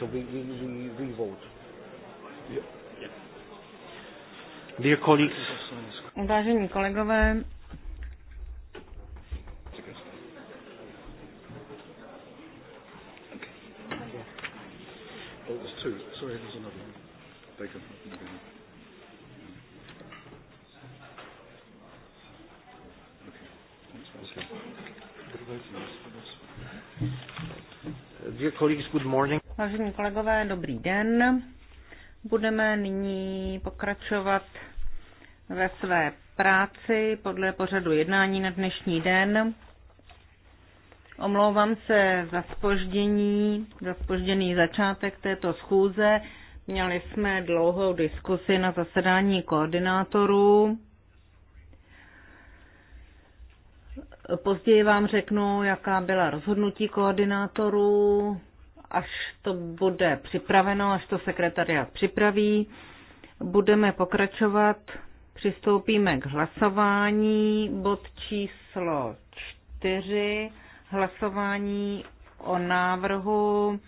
So we, we, we, we vote. Yeah. Yeah. colleagues. Vážení kolegové, oh, Dear colleagues, good morning. Vážení kolegové, dobrý den. Budeme nyní pokračovat ve své práci podle pořadu jednání na dnešní den. Omlouvám se za spoždění, za spožděný začátek této schůze. Měli jsme dlouhou diskusi na zasedání koordinátorů. Později vám řeknu, jaká byla rozhodnutí koordinátorů až to bude připraveno, až to sekretariat připraví. Budeme pokračovat, přistoupíme k hlasování, bod číslo čtyři, hlasování o návrhu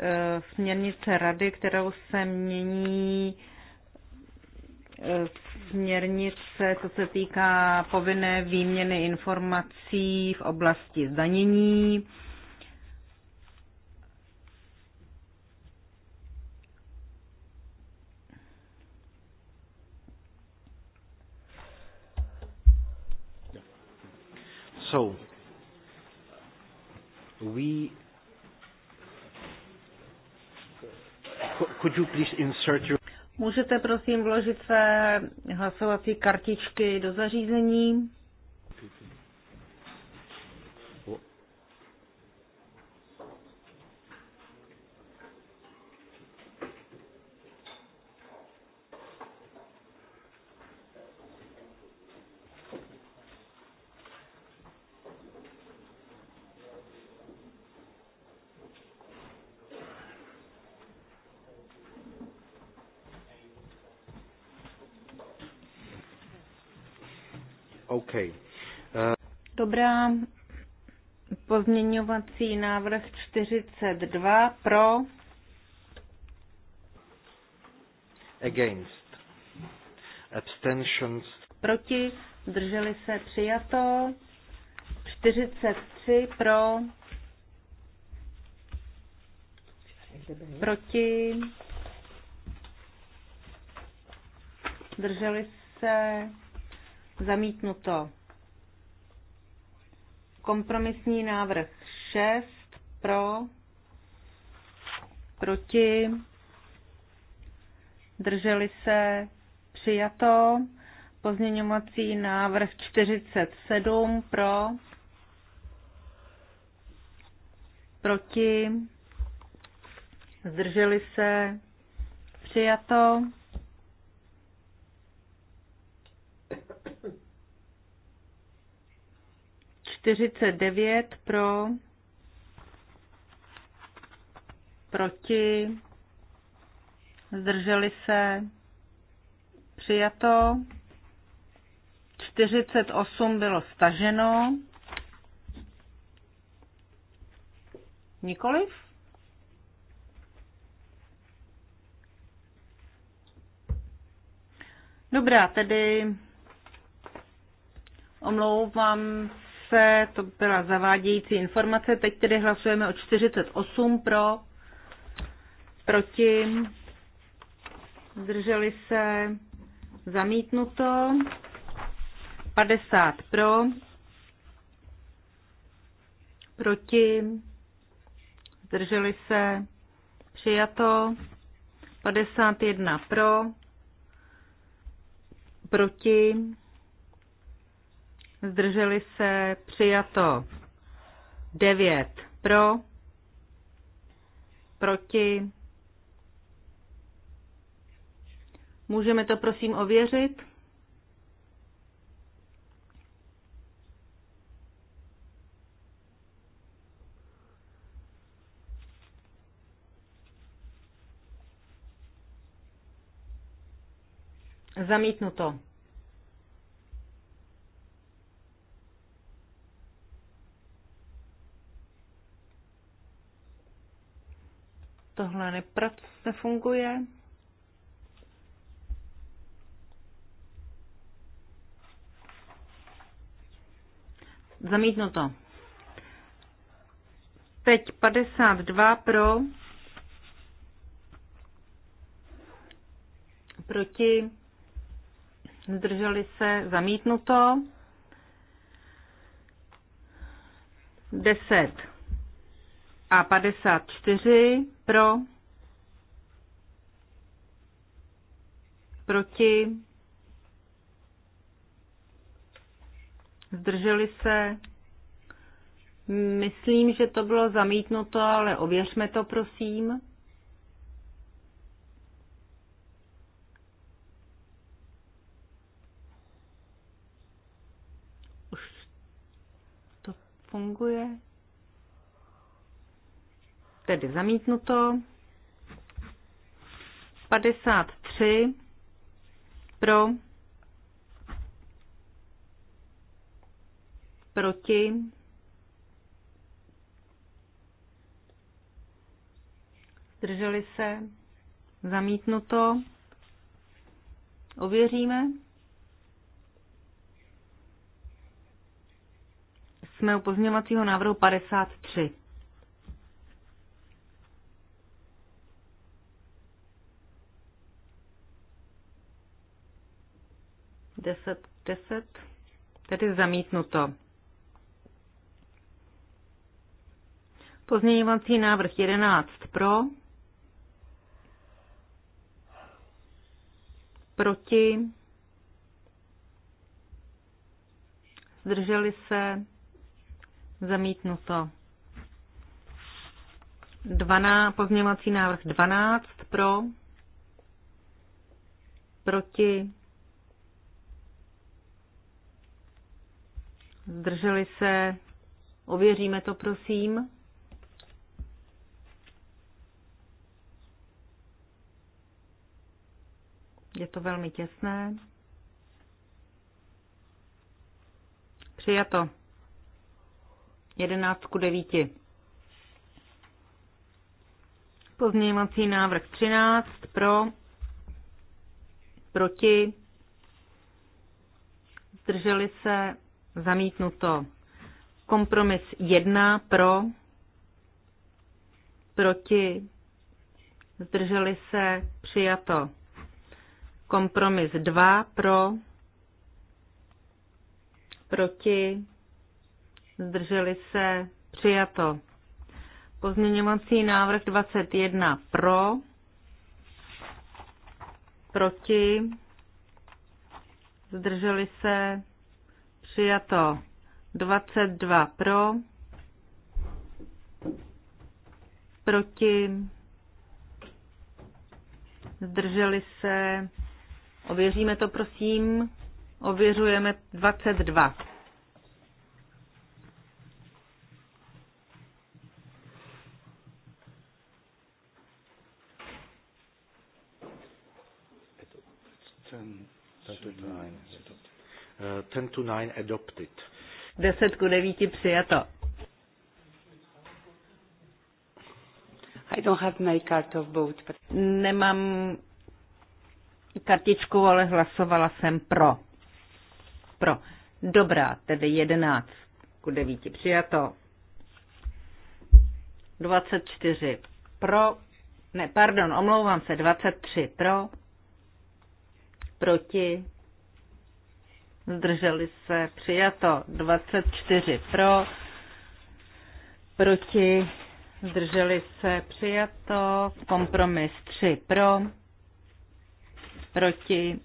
e, směrnice rady, kterou se mění e, směrnice, co se týká povinné výměny informací v oblasti zdanění. So, we could you please insert your Můžete prosím vložit své hlasovací kartičky do zařízení. dobrá. Pozměňovací návrh 42 pro. Against. Abstentions. Proti. Drželi se přijato. 43 pro. Proti. Drželi se. Zamítnuto. Kompromisní návrh 6 pro, proti, drželi se, přijato. Pozměňovací návrh 47 pro, proti, zdrželi se, přijato. 49 pro, proti, zdrželi se, přijato, 48 bylo staženo, nikoliv? Dobrá, tedy omlouvám se, to byla zavádějící informace. Teď tedy hlasujeme o 48 pro, proti, zdrželi se, zamítnuto, 50 pro, proti, zdrželi se, přijato, 51 pro, proti, zdrželi se, přijato 9 pro, proti. Můžeme to prosím ověřit? Zamítnuto. Tohle neprac nefunguje. to Teď 52 pro, proti, zdrželi se, zamítnuto. 10 a 54 pro, proti, zdrželi se. Myslím, že to bylo zamítnuto, ale ověřme to, prosím. to funguje tedy zamítnuto. 53 pro, proti, zdrželi se, zamítnuto, ověříme. Jsme u pozměňovacího návrhu 53. 10 k 10, tedy zamítnuto. Pozměňovací návrh 11 pro, proti, zdrželi se, zamítnuto. 12, pozměňovací návrh 12 pro, proti, zdrželi se, ověříme to prosím. Je to velmi těsné. Přijato. 11 ku 9. Pozměňovací návrh 13 pro, proti, zdrželi se, zamítnuto. Kompromis 1 pro, proti, zdrželi se, přijato. Kompromis 2 pro, proti, zdrželi se, přijato. Pozměňovací návrh 21 pro, proti, zdrželi se, Přijato 22 pro, proti, zdrželi se, ověříme to prosím, ověřujeme 22. Ten, ten, ten, 10 to 9 adopted. 10 ku 9 přijato. I don't have my card of vote, but... Nemám kartičku, ale hlasovala jsem pro. Pro. Dobrá, tedy 11 ku 9 přijato. 24 pro, ne, pardon, omlouvám se, 23 pro, proti, zdrželi se, přijato 24 pro, proti, zdrželi se, přijato, kompromis 3 pro, proti,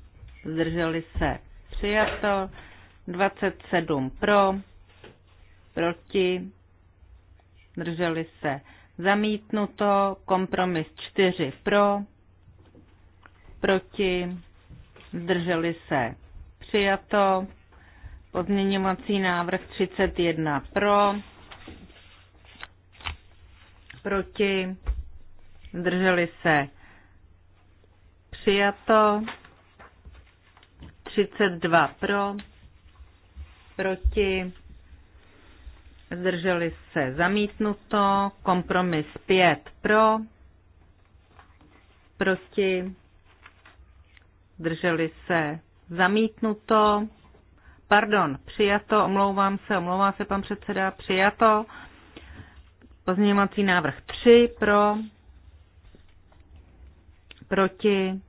zdrželi se, přijato, 27 pro, proti, zdrželi se, zamítnuto, kompromis 4 pro, proti, zdrželi se, přijato. Pozměňovací návrh 31 pro, proti, zdrželi se přijato, 32 pro, proti, zdrželi se zamítnuto, kompromis 5 pro, proti, zdrželi se zamítnuto, pardon, přijato, omlouvám se, omlouvá se pan předseda, přijato, pozměňovací návrh 3 pro, proti,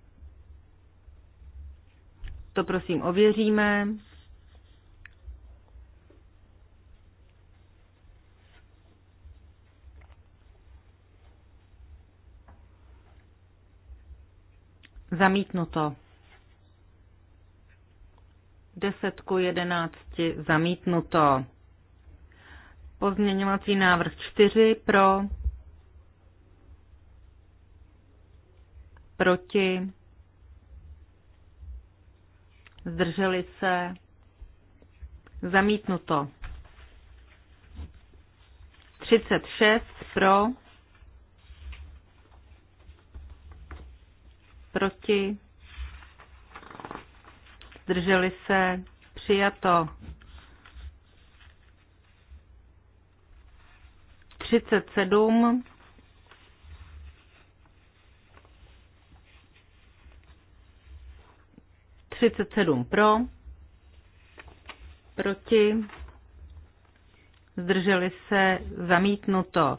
to prosím ověříme. Zamítnuto. 10 ku 11 zamítnuto. Pozměňovací návrh 4 pro, proti, zdrželi se, zamítnuto. 36 pro, proti, zdrželi se, přijato. 37, Třicet sedm pro, proti, zdrželi se, zamítnuto.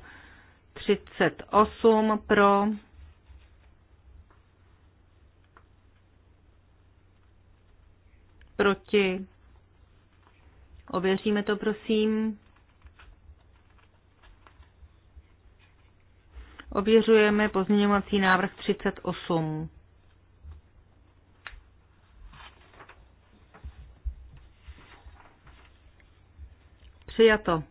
38 pro, proti. Ověříme to, prosím. Ověřujeme pozměňovací návrh 38. Přijato.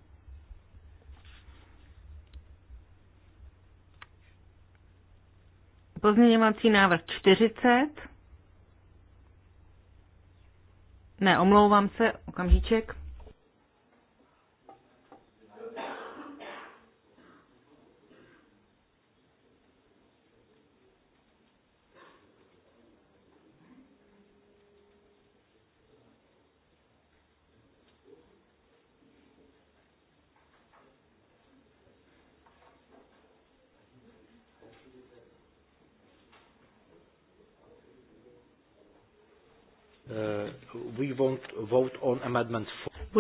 Pozměňovací návrh 40. Ne, omlouvám se, okamžíček.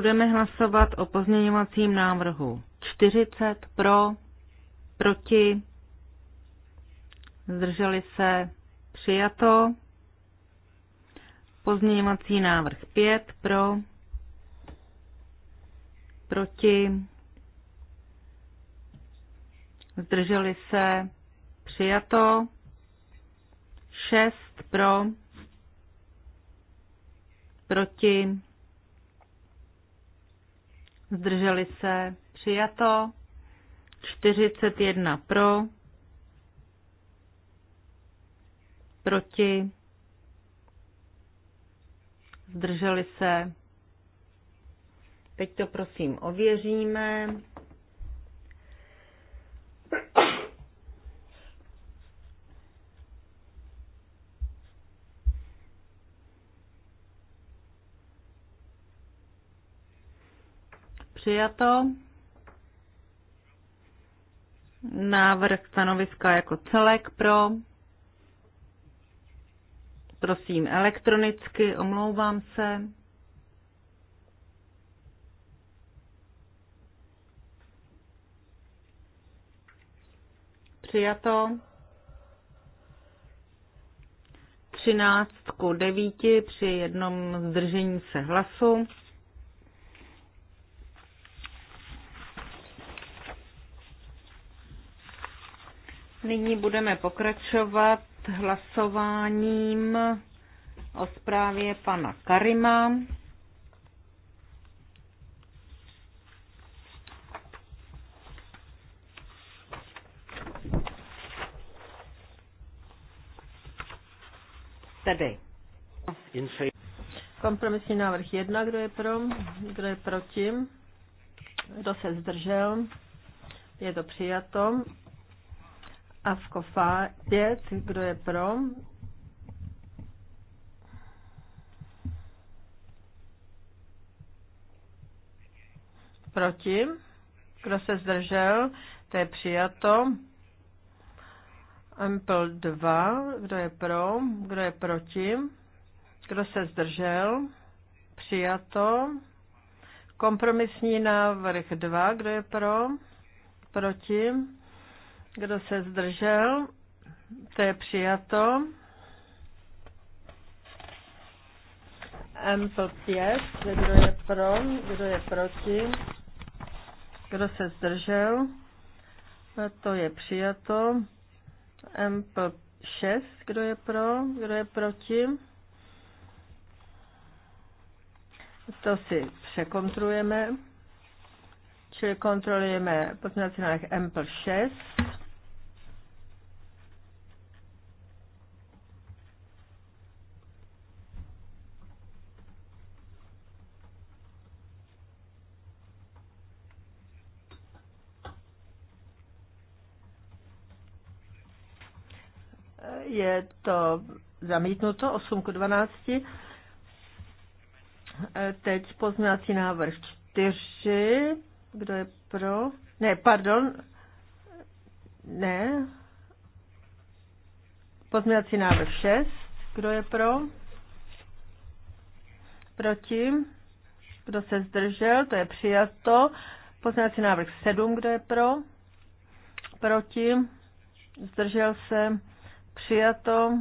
budeme hlasovat o pozměňovacím návrhu 40 pro, proti, zdrželi se, přijato. Pozměňovací návrh 5 pro, proti, zdrželi se, přijato. 6 pro, proti, zdrželi se, přijato, 41 pro, proti, zdrželi se. Teď to prosím ověříme. Přijato. Návrh stanoviska jako celek pro. Prosím elektronicky, omlouvám se. Přijato. Třináctku devíti při jednom zdržení se hlasu. Nyní budeme pokračovat hlasováním o zprávě pana Karima. Tedy. Kompromisní návrh jedna, kdo je pro, kdo je proti, kdo se zdržel, je to přijato. A v kofa 5, kdo je pro? Proti? Kdo se zdržel? To je přijato. Ample 2, kdo je pro? Kdo je proti? Kdo se zdržel? Přijato. Kompromisní návrh 2, kdo je pro? Proti? Kdo se zdržel? To je přijato. to pět. Kdo je pro? Kdo je proti? Kdo se zdržel? To je přijato. to 6. Kdo je pro? Kdo je proti? To si překontrolujeme. Čili kontrolujeme pozměňovací návrh plus 6. je to zamítnuto 8 k 12. E, teď pozměňovací návrh 4. Kdo je pro? Ne, pardon. Ne. Pozměňovací návrh 6. Kdo je pro? Proti? Kdo se zdržel? To je přijato. Pozměňovací návrh 7. Kdo je pro? Proti? Zdržel se? Přijato.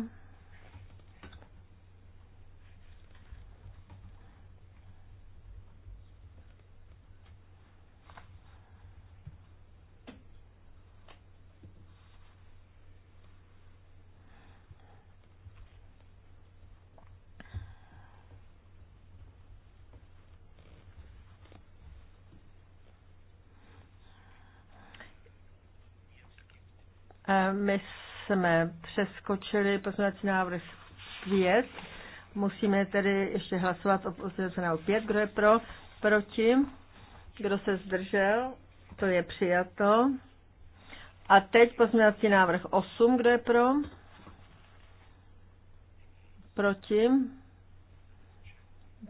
Eh, Miss jsme přeskočili pozměňovací návrh 5. Musíme tedy ještě hlasovat o pozměňovací návrh 5. Kdo je pro? Proti? Kdo se zdržel? To je přijato. A teď pozměňovací návrh 8. Kdo je pro? Proti?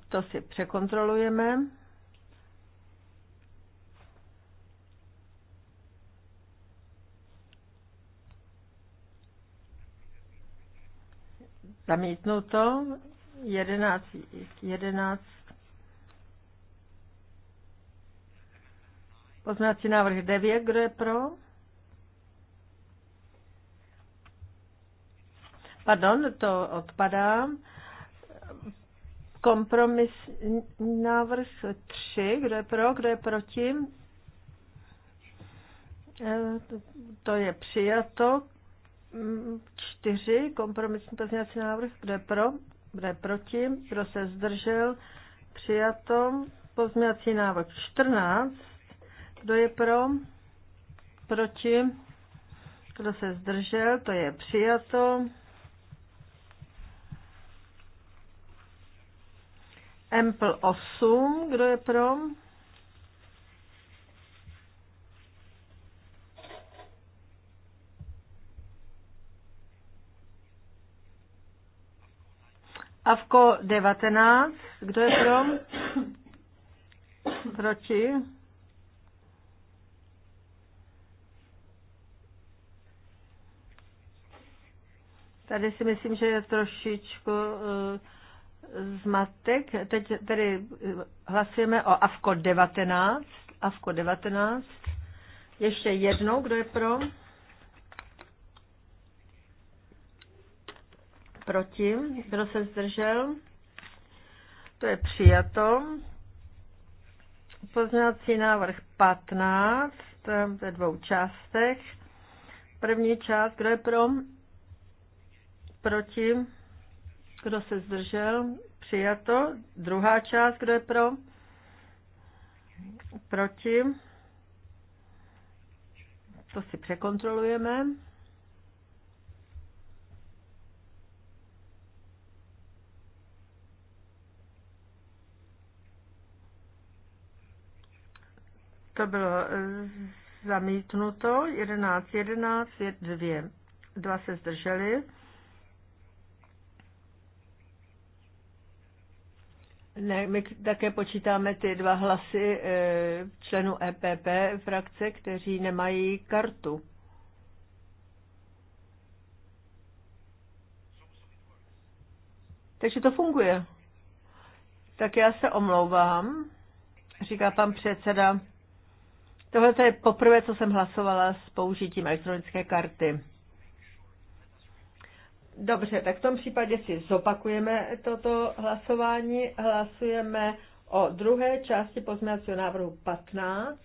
To si překontrolujeme. Zamítnuto. 11, 11. Poznací návrh 9, kdo je pro? Pardon, to odpadá. Kompromis návrh 3, kdo je pro, kdo je proti? Eh, to je přijato čtyři kompromisní pozměňovací návrh, kdo je pro, kdo je proti, kdo se zdržel, přijato. Pozměňovací návrh 14, kdo je pro, proti, kdo se zdržel, to je přijato. Empl 8, kdo je pro, Avko 19. Kdo je pro? Proti? Tady si myslím, že je trošičku uh, zmatek. Teď tedy eh, hlasujeme o Avko 19. Avko 19. Ještě jednou, kdo je pro? proti, kdo se zdržel, to je přijato. Pozměňovací návrh 15 ve dvou částech. První část, kdo je pro, proti, kdo se zdržel, přijato. Druhá část, kdo je pro, proti, to si překontrolujeme. to bylo e, zamítnuto, 11, 11, 2, Dva se zdrželi. Ne, my také počítáme ty dva hlasy e, členů EPP frakce, kteří nemají kartu. Takže to funguje. Tak já se omlouvám, říká pan předseda. Tohle je poprvé, co jsem hlasovala s použitím elektronické karty. Dobře, tak v tom případě si zopakujeme toto hlasování. Hlasujeme o druhé části pozměňovacího návrhu 15.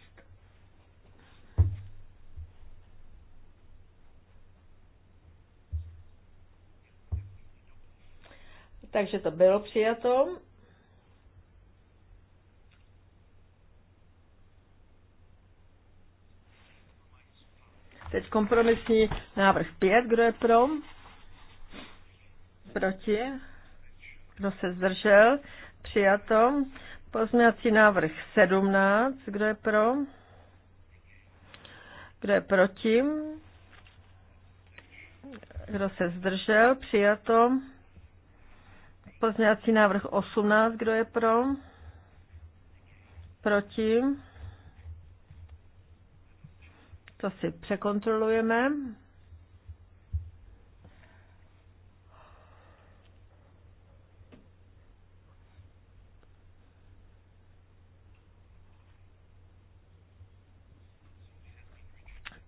Takže to bylo přijato. Teď kompromisní návrh 5. Kdo je pro? Proti? Kdo se zdržel? Přijato. Pozměňovací návrh 17. Kdo je pro? Kdo je proti? Kdo se zdržel? Přijato. Pozměňovací návrh 18. Kdo je pro? Proti? To si překontrolujeme.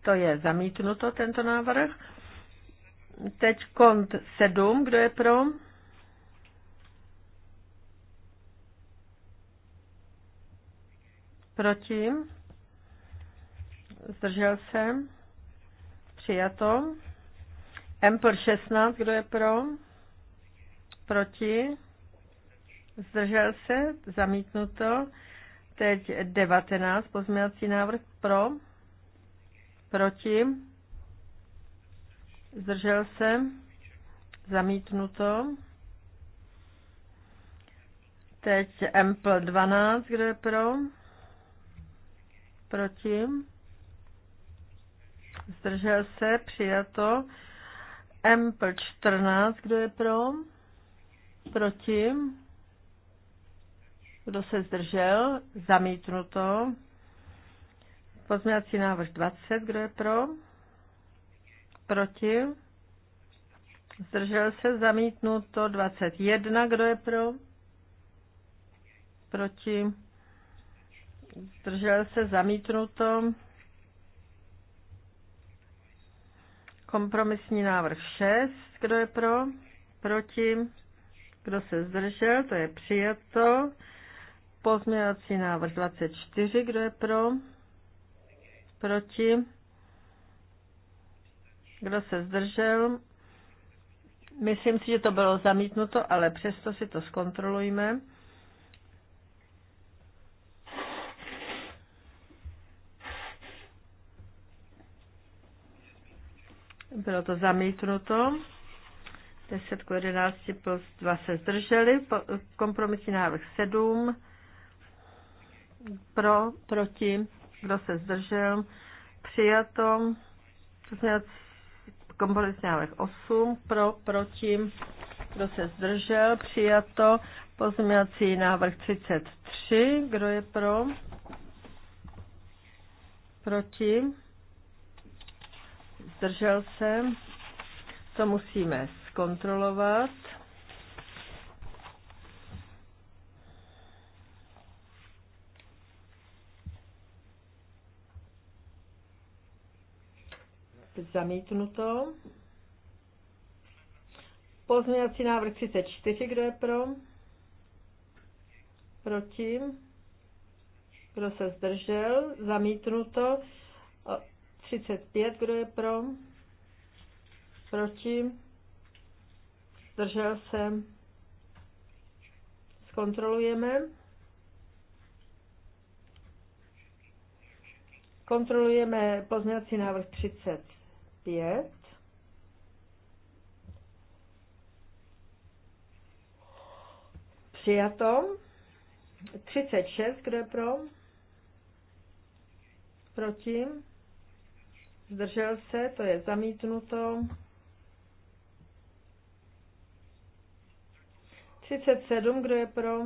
To je zamítnuto, tento návrh. Teď kont 7, kdo je pro? Proti? zdržel se, přijato. Empl 16, kdo je pro, proti, zdržel se, zamítnuto. Teď 19, pozměňovací návrh pro, proti, zdržel se, zamítnuto. Teď Empl 12, kdo je pro? Proti? zdržel se, přijato. Ample 14, kdo je pro? Proti? Kdo se zdržel? Zamítnuto. Pozměňovací návrh 20, kdo je pro? Proti? Zdržel se, zamítnuto 21, kdo je pro? Proti? Zdržel se, zamítnuto Kompromisní návrh 6. Kdo je pro? Proti? Kdo se zdržel? To je přijato. Pozměňovací návrh 24. Kdo je pro? Proti? Kdo se zdržel? Myslím si, že to bylo zamítnuto, ale přesto si to zkontrolujme. Bylo to zamítnuto. 10 k 11 plus 2 se zdrželi. Kompromisní návrh 7. Pro, proti, kdo se zdržel. Přijato. Kompromisní návrh 8. Pro, proti, kdo se zdržel. Přijato. Pozměňovací návrh 33. Kdo je pro? Proti zdržel se, to musíme zkontrolovat. Zamítnuto. Pozměňovací návrh 34, kdo je pro? Proti? Kdo se zdržel? Zamítnuto. 35, kdo je pro? Proti? Zdržel se? Zkontrolujeme. Kontrolujeme pozměňovací návrh 35. Přijato. 36, kdo je pro? Proti? zdržel se, to je zamítnuto. 37, kdo je pro?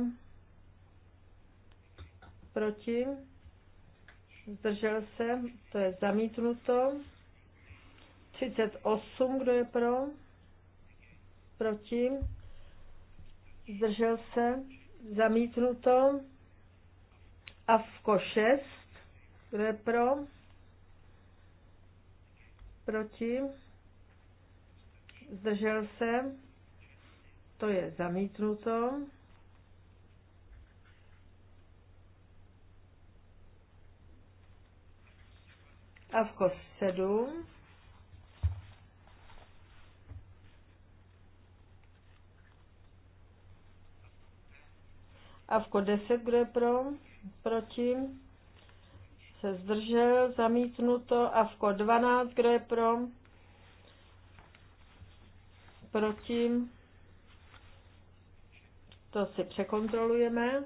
Proti? Zdržel se, to je zamítnuto. 38, kdo je pro? Proti? Zdržel se, zamítnuto. A v 6, kdo je pro? proti, zdržel se, to je zamítnuto. A v kost 7. A v 10, kdo je pro? Proti? se zdržel, zamítnuto. kod 12, kdo je pro? Proti? To si překontrolujeme.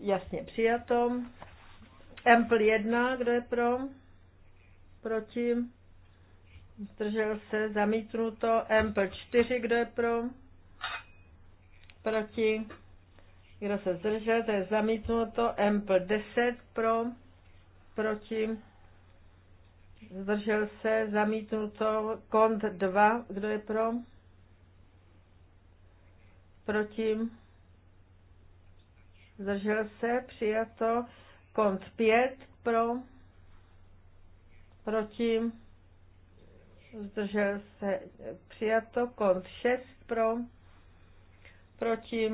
Jasně přijatom. Ampl 1, kdo je pro? Proti? zdržel se, zamítnuto, Ample 4, kdo je pro, proti, kdo se zdržel, to je zamítnuto, Ample 10 pro, proti, zdržel se, zamítnuto, Kont 2, kdo je pro, proti, zdržel se, přijato, Kont 5 pro, proti, zdržel se přijato, kont 6 pro, proti,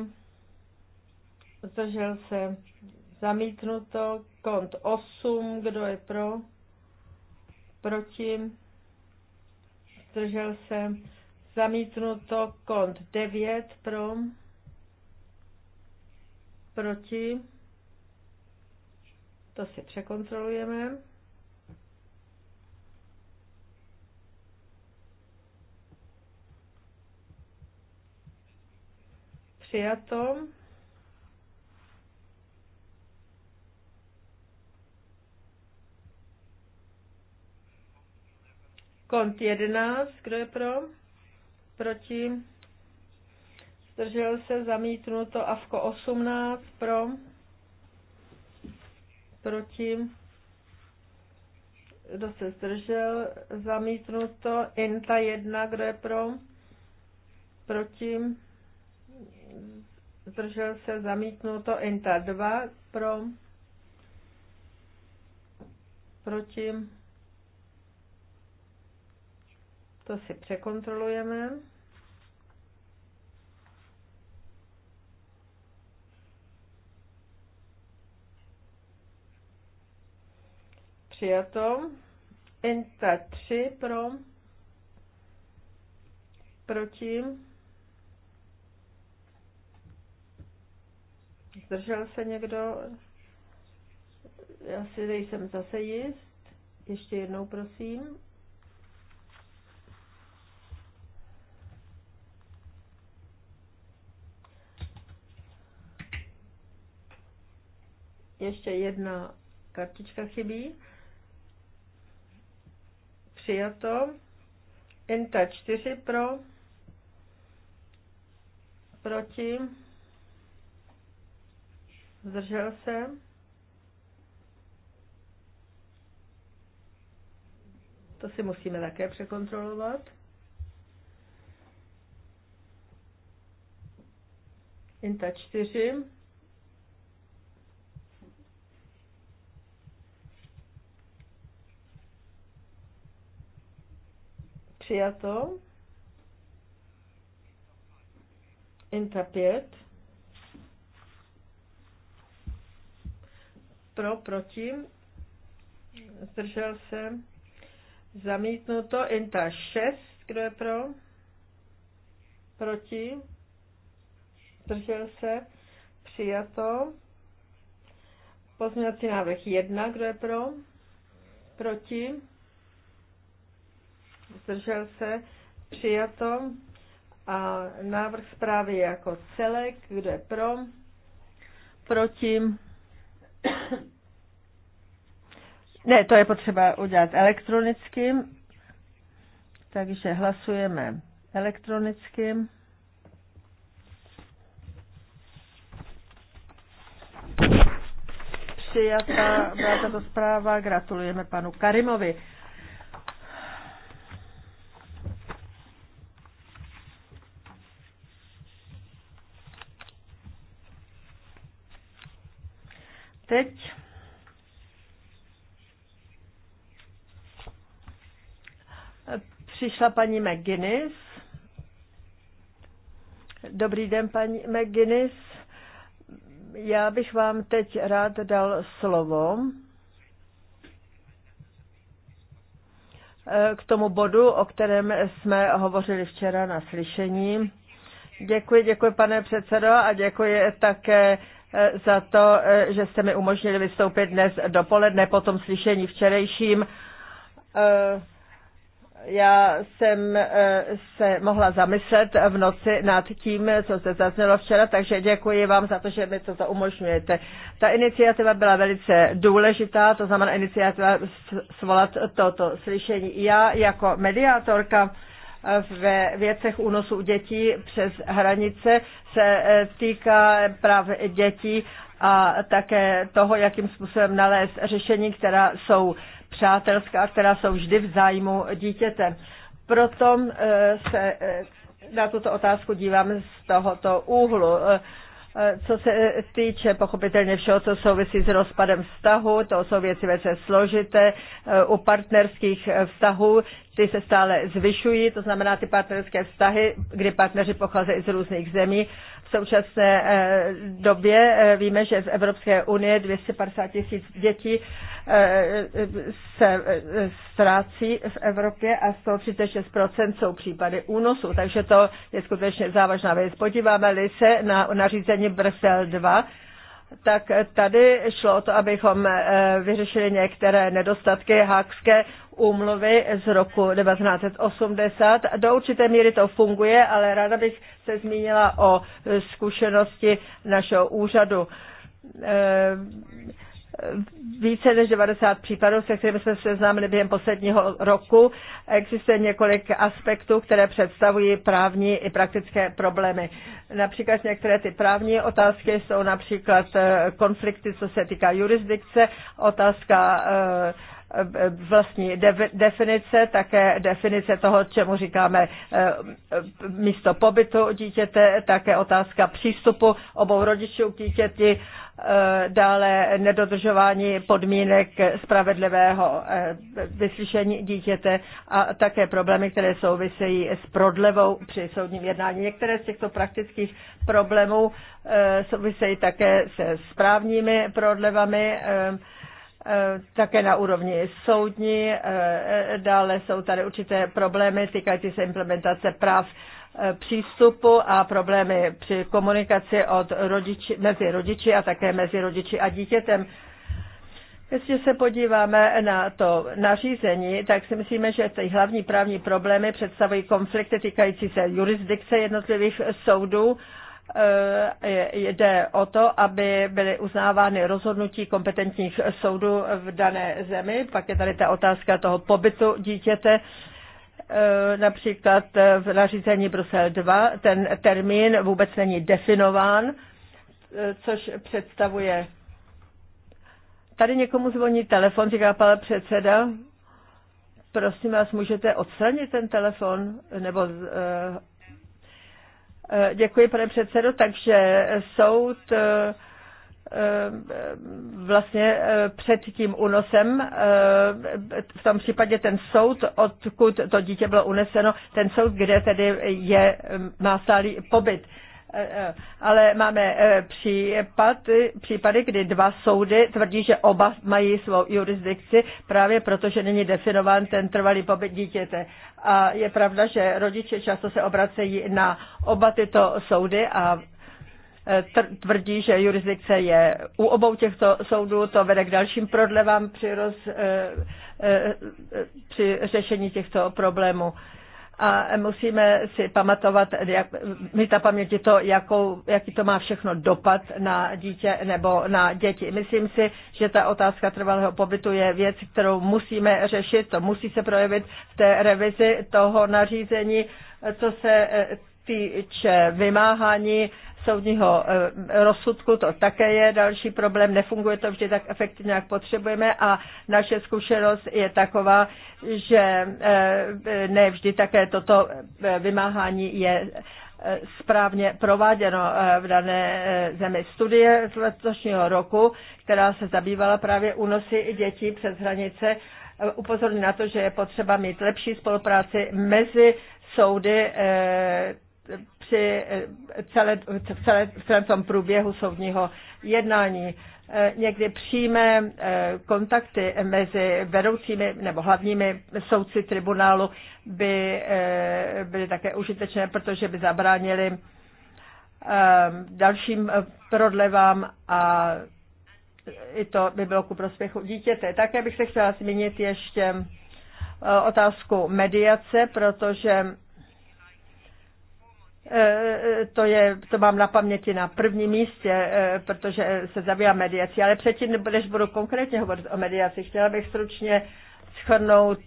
zdržel se zamítnuto, kont 8, kdo je pro, proti, zdržel se zamítnuto, kont 9 pro, proti, to si překontrolujeme. přijato. Kont 11, kdo je pro? Proti? Zdržel se, zamítnuto. Avko 18, pro? Proti? Kdo se zdržel? Zamítnuto. Inta 1, kdo je pro? Proti? zdržel se zamítnuto Inta 2 pro, proti, to si překontrolujeme. Přijato. Inta 3 pro, proti, Zdržel se někdo? Já si nejsem zase jist. Ještě jednou prosím. Ještě jedna kartička chybí. Přijato. Inta 4 pro. Proti Zdržel se? To si musíme také překontrolovat. Inta 4. Přijato. Inta 5. pro, proti, zdržel se, zamítnuto, inta 6, kdo je pro, proti, zdržel se, přijato, pozměňovací návrh 1, kdo je pro, proti, zdržel se, přijato, a návrh zprávy jako celek, kdo je pro, proti, Ne, to je potřeba udělat elektronicky. Takže hlasujeme elektronicky. Přijatá byla tato zpráva. Gratulujeme panu Karimovi. teď. Přišla paní McGuinness. Dobrý den, paní McGuinness. Já bych vám teď rád dal slovo k tomu bodu, o kterém jsme hovořili včera na slyšení. Děkuji, děkuji pane předsedo a děkuji také Eh, za to, eh, že jste mi umožnili vystoupit dnes dopoledne po tom slyšení včerejším. Eh, já jsem se mohla zamyslet v noci nad tím, co se zaznělo včera, takže děkuji vám za to, že mi toto umožňujete. Ta iniciativa byla velice důležitá, to znamená iniciativa svolat toto slyšení. Já jako mediátorka ve věcech únosu dětí přes hranice se eh, týká práv dětí a také toho, jakým způsobem nalézt řešení, která jsou přátelská která jsou vždy v zájmu dítěte. Proto eh, se eh, na tuto otázku dívám z tohoto úhlu. Eh, co se eh, týče pochopitelně všeho, co souvisí s rozpadem vztahu, to jsou věci velice složité. Eh, u partnerských vztahů ty se stále zvyšují, to znamená ty partnerské vztahy, kdy partneři pocházejí z různých zemí současné eh, době eh, víme, že z Evropské unie 250 tisíc dětí eh, se ztrácí v Evropě a 136% jsou případy únosů, takže to je skutečně závažná věc. Podíváme-li se na nařízení Brsel 2, tak tady šlo o to, abychom eh, vyřešili některé nedostatky hákské úmluvy z roku 1980. Do určité míry to funguje, ale ráda bych se zmínila o zkušenosti našeho úřadu eh, více než 90 případů, se kterými jsme se seznámili během posledního roku. Existuje několik aspektů, které představují právní i praktické problémy. Například některé ty právní otázky jsou například eh, konflikty, co se týká jurisdikce, otázka eh, vlastní definice, také definice toho, čemu říkáme eh, místo pobytu dítěte, také otázka přístupu obou rodičů k dítěti, eh, dále nedodržování podmínek spravedlivého eh, vyslyšení dítěte a také problémy, které souvisejí s prodlevou při soudním jednání. Některé z těchto praktických problémů souvisejí také se správními prodlevami, Eh, také na úrovni soudní. Eh, dále jsou tady určité problémy týkající se implementace práv eh, přístupu a problémy při komunikaci od rodiči, mezi rodiči a také mezi rodiči a dítětem. Jestli se podíváme na to nařízení, tak si myslíme, že ty hlavní právní problémy představují konflikty týkající se jurisdikce jednotlivých soudů Eh, jde o to, aby byly uznávány rozhodnutí kompetentních soudů v dané zemi. Pak je tady ta otázka toho pobytu dítěte eh, například v nařízení Brusel 2 ten termín vůbec není definován, eh, což představuje. Tady někomu zvoní telefon, říká pan předseda. Prosím vás, můžete odstranit ten telefon nebo Eh, děkuji, pane předsedo. Takže soud eh, eh, vlastně před tím unosem, v tom případě ten soud, odkud to dítě bylo uneseno, ten soud, kde tedy je, má stálý pobyt. Eh, eh, ale máme eh, případ, případy, kdy dva soudy tvrdí, že oba mají svou jurisdikci právě proto, že není definován ten trvalý pobyt dítěte. A je pravda, že rodiče často se obracejí na oba tyto soudy a tvrdí, že jurisdikce je u obou těchto soudů, to vede k dalším prodlevám při, roz, při řešení těchto problémů a musíme si pamatovat, jak, my ta paměti to, jakou, jaký to má všechno dopad na dítě nebo na děti. Myslím si, že ta otázka trvalého pobytu je věc, kterou musíme řešit, to musí se projevit v té revizi toho nařízení, co se eh, týče vymáhání soudního eh, rozsudku, to také je další problém, nefunguje to vždy tak efektivně, jak potřebujeme a naše zkušenost je taková, že eh, ne vždy také toto eh, vymáhání je správně prováděno v dané zemi. Studie z letošního roku, která se zabývala právě únosy dětí přes hranice, upozorní na to, že je potřeba mít lepší spolupráci mezi soudy při celé, celé, v celém tom průběhu soudního jednání. E, někdy přímé e, kontakty mezi vedoucími nebo hlavními soudci tribunálu by e, byly také užitečné, protože by zabránili dalším prodlevám a i to by bylo ku prospěchu dítěte. Také bych se chtěla zmínit ještě otázku mediace, protože E, e, to, je, to mám na paměti na prvním místě, e, protože se zabývá mediací. Ale předtím, než budu konkrétně hovořit o mediaci, chtěla bych stručně schrnout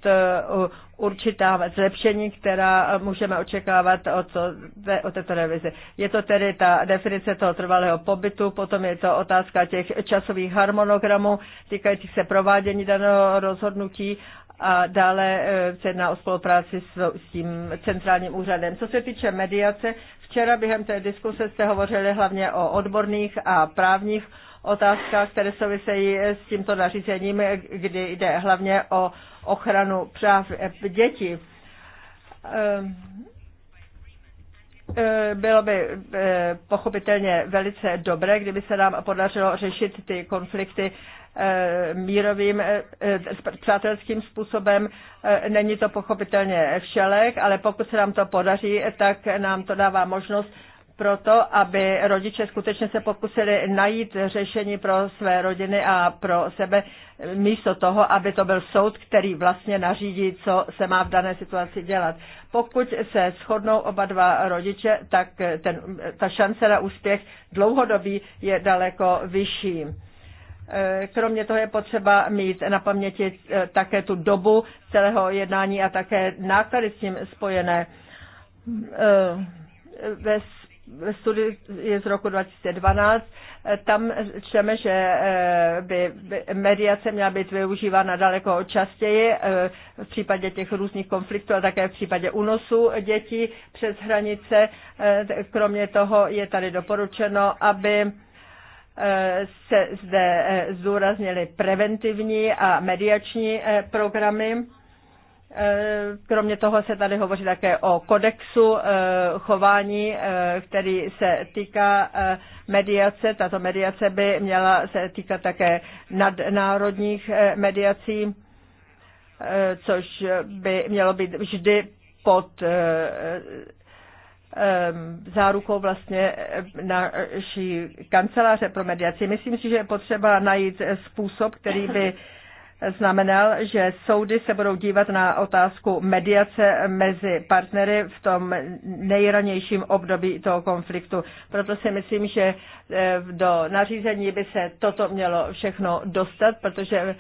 určitá zlepšení, která můžeme očekávat od, od této revize. Je to tedy ta definice toho trvalého pobytu, potom je to otázka těch časových harmonogramů týkajících se provádění daného rozhodnutí a dále eh, se jedná o spolupráci s, s tím centrálním úřadem. Co se týče mediace, včera během té diskuse jste hovořili hlavně o odborných a právních otázkách, které souvisejí s tímto nařízením, kdy jde hlavně o ochranu práv eh, dětí. Eh, bylo by pochopitelně velice dobré, kdyby se nám podařilo řešit ty konflikty Eh, mírovým, eh, eh, přátelským způsobem. Není to pochopitelně všelek, ale pokud se nám to podaří, tak nám to dává možnost proto, aby rodiče skutečně se pokusili najít řešení pro své rodiny a pro sebe, místo toho, aby to byl soud, který vlastně nařídí, co se má v dané situaci dělat. Pokud se shodnou oba dva rodiče, tak ten, ta šance na úspěch dlouhodobý je daleko vyšší. Eh, kromě toho je potřeba mít na paměti eh, také tu dobu celého jednání a také náklady s tím spojené. Eh, ve studii je z roku 2012, tam čteme, že by mediace měla být využívána daleko častěji v případě těch různých konfliktů a také v případě unosu dětí přes hranice. Kromě toho je tady doporučeno, aby se zde eh, zdůraznily preventivní a mediační eh, programy. Eh, kromě toho se tady hovoří také o kodexu chování, který se týká mediace. Tato mediace by měla se týkat také nadnárodních mediací, což by mělo být vždy pod Ehm, zárukou vlastně ehm, naší kanceláře pro mediaci. Myslím si, že je potřeba najít způsob, který by znamenal, že soudy se budou dívat na otázku mediace mezi partnery v tom nejranějším období toho konfliktu. Proto si myslím, že ehm, do nařízení by se toto mělo všechno dostat, protože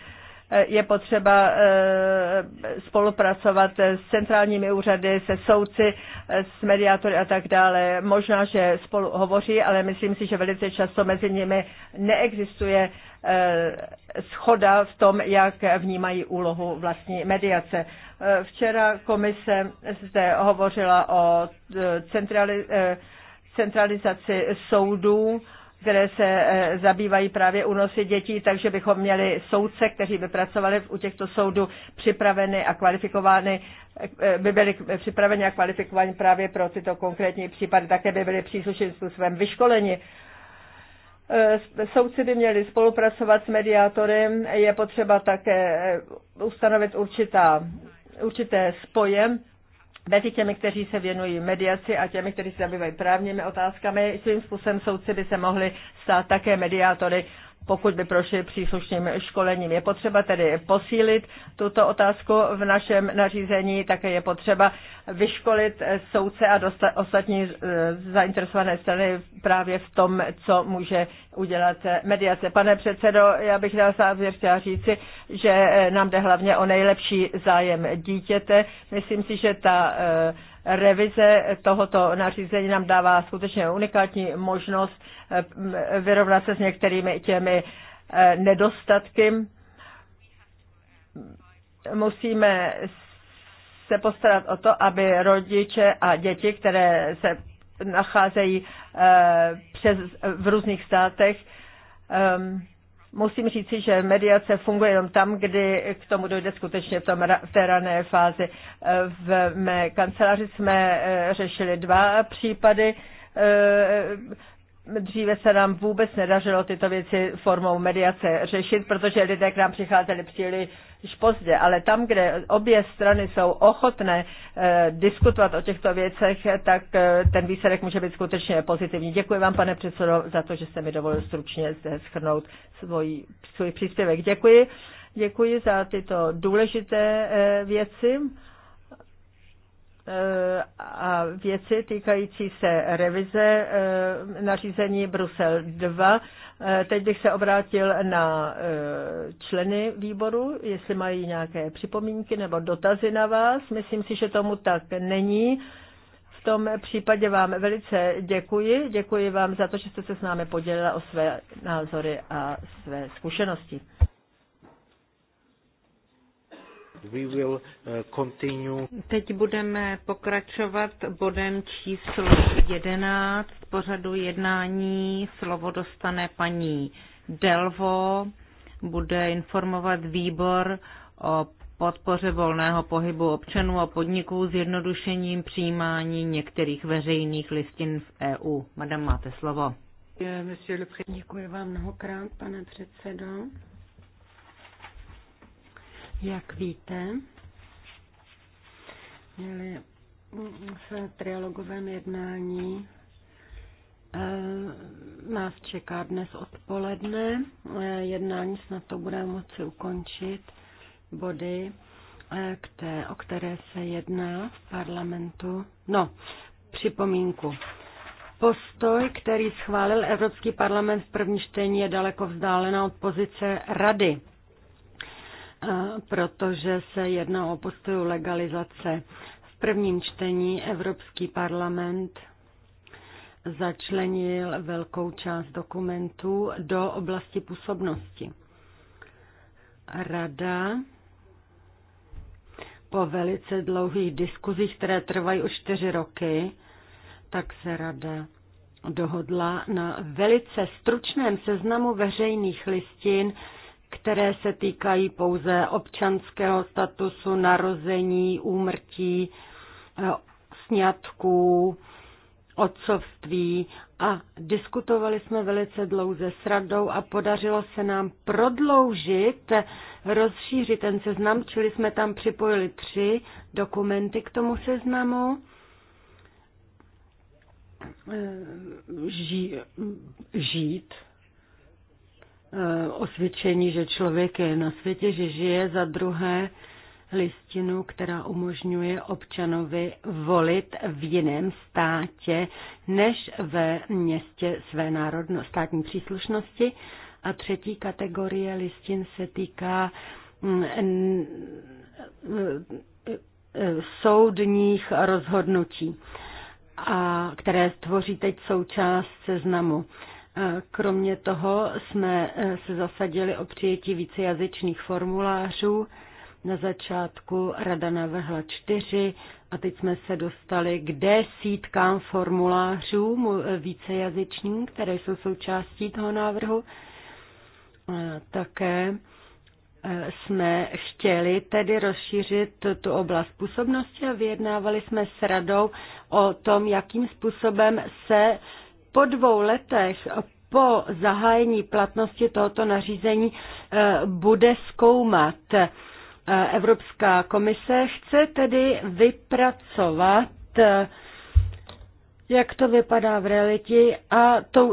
je potřeba eh, spolupracovat s centrálními úřady, se soudci, eh, s mediátory a tak dále. Možná, že spolu hovoří, ale myslím si, že velice často mezi nimi neexistuje eh, schoda v tom, jak vnímají úlohu vlastní mediace. Včera komise zde hovořila o centralizaci soudů, které se eh, zabývají právě únosy dětí, takže bychom měli soudce, kteří by pracovali u těchto soudů připraveny a kvalifikovány, eh, by byli připraveni a kvalifikovaní právě pro tyto konkrétní případy, také by byli příslušným způsobem vyškoleni. Eh, soudci by měli spolupracovat s mediátorem, je potřeba také ustanovit určitá, určité spoje mezi těmi, kteří se věnují mediaci a těmi, kteří se zabývají právními otázkami. Svým způsobem soudci by se mohli stát také mediátory pokud by prošli příslušným školením. Je potřeba tedy posílit tuto otázku v našem nařízení, také je potřeba vyškolit soudce a ostatní eh, zainteresované strany právě v tom, co může udělat mediace. Pane předsedo, já bych na závěr chtěla říci, že nám jde hlavně o nejlepší zájem dítěte. Myslím si, že ta eh, revize tohoto nařízení nám dává skutečně unikátní možnost eh, vyrovnat se s některými těmi eh, nedostatky. Musíme se postarat o to, aby rodiče a děti, které se nacházejí eh, přes, v různých státech, ehm, musím říci, že mediace funguje jenom tam, kdy k tomu dojde skutečně v, tom, v té rané fázi. V mé kanceláři jsme eh, řešili dva případy eh, Dříve se nám vůbec nedařilo tyto věci formou mediace řešit, protože lidé k nám přicházeli příliš pozdě. Ale tam, kde obě strany jsou ochotné eh, diskutovat o těchto věcech, tak eh, ten výsledek může být skutečně pozitivní. Děkuji vám, pane předsedo, za to, že jste mi dovolil stručně zde schrnout svůj, svůj příspěvek. Děkuji. Děkuji za tyto důležité eh, věci a věci týkající se revize eh, nařízení Brusel 2. Eh, teď bych se obrátil na eh, členy výboru, jestli mají nějaké připomínky nebo dotazy na vás. Myslím si, že tomu tak není. V tom případě vám velice děkuji. Děkuji vám za to, že jste se s námi podělila o své názory a své zkušenosti. We will uh, continue. Teď budeme pokračovat bodem číslo 11 pořadu jednání. Slovo dostane paní Delvo, bude informovat výbor o podpoře volného pohybu občanů a podniků zjednodušením přijímání některých veřejných listin v EU. Madam, máte slovo. Děkuji vám mnohokrát, pane předsedo. Jak víte, měli v trialogovém jednání eh, nás čeká dnes odpoledne. Eh, jednání snad to bude moci ukončit body, eh, o které se jedná v parlamentu. No, připomínku. Postoj, který schválil Evropský parlament v první čtení, je daleko vzdálená od pozice Rady protože se jedná o postoju legalizace. V prvním čtení Evropský parlament začlenil velkou část dokumentů do oblasti působnosti. Rada po velice dlouhých diskuzích, které trvají už čtyři roky, tak se rada dohodla na velice stručném seznamu veřejných listin, které se týkají pouze občanského statusu, narození, úmrtí, eh, sňatků, otcovství a diskutovali jsme velice dlouze s radou a podařilo se nám prodloužit, rozšířit ten seznam, čili jsme tam připojili tři dokumenty k tomu seznamu. Eh, žít, Eh, osvědčení, že člověk je na světě, že žije, za druhé listinu, která umožňuje občanovi volit v jiném státě než ve městě své národno, státní příslušnosti. A třetí kategorie listin se týká mm, eh, eh, soudních rozhodnutí, a které tvoří teď součást seznamu. Kromě toho jsme e, se zasadili o přijetí vícejazyčných formulářů. Na začátku rada navrhla čtyři a teď jsme se dostali k desítkám formulářů e, vícejazyčním, které jsou součástí toho návrhu. Také e, jsme chtěli tedy rozšířit tu oblast působnosti a vyjednávali jsme s radou o tom, jakým způsobem se po dvou letech po zahájení platnosti tohoto nařízení eh, bude zkoumat. Eh, Evropská komise chce tedy vypracovat, eh, jak to vypadá v realitě a to,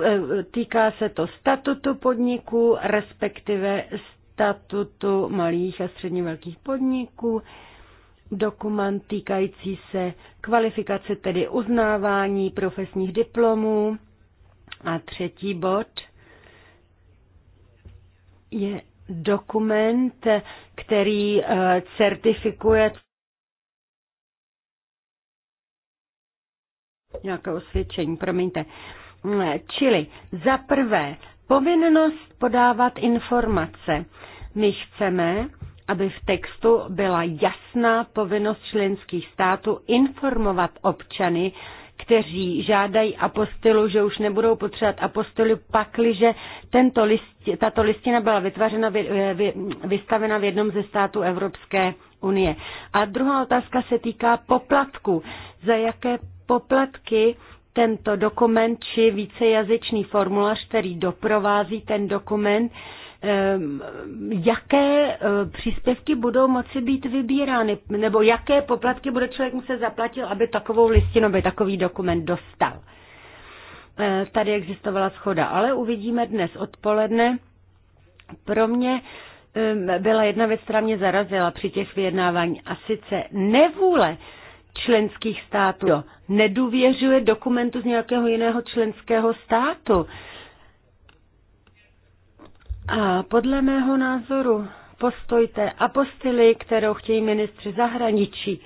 týká se to statutu podniků, respektive statutu malých a středně velkých podniků, dokument týkající se kvalifikace, tedy uznávání profesních diplomů, a třetí bod je dokument, který eh, certifikuje nějaké osvědčení, promiňte. Čili za prvé povinnost podávat informace. My chceme, aby v textu byla jasná povinnost členských států informovat občany kteří žádají apostylu, že už nebudou potřebovat apostylu, pakliže tento list, tato listina byla vytvořena, vy, eh, vy, vystavena v jednom ze států Evropské unie. A druhá otázka se týká poplatku. Za jaké poplatky tento dokument či vícejazyčný formulář, který doprovází ten dokument, Ehm, jaké eh, příspěvky budou moci být vybírány, nebo jaké poplatky bude člověk muset zaplatit, aby takovou listinu, aby takový dokument dostal. Eh, tady existovala schoda, ale uvidíme dnes odpoledne. Pro mě ehm, byla jedna věc, která mě zarazila při těch vyjednávání, a sice nevůle členských států. Nedůvěřuje dokumentu z nějakého jiného členského státu a podle mého názoru postoj té apostily, kterou chtějí ministři zahraničí,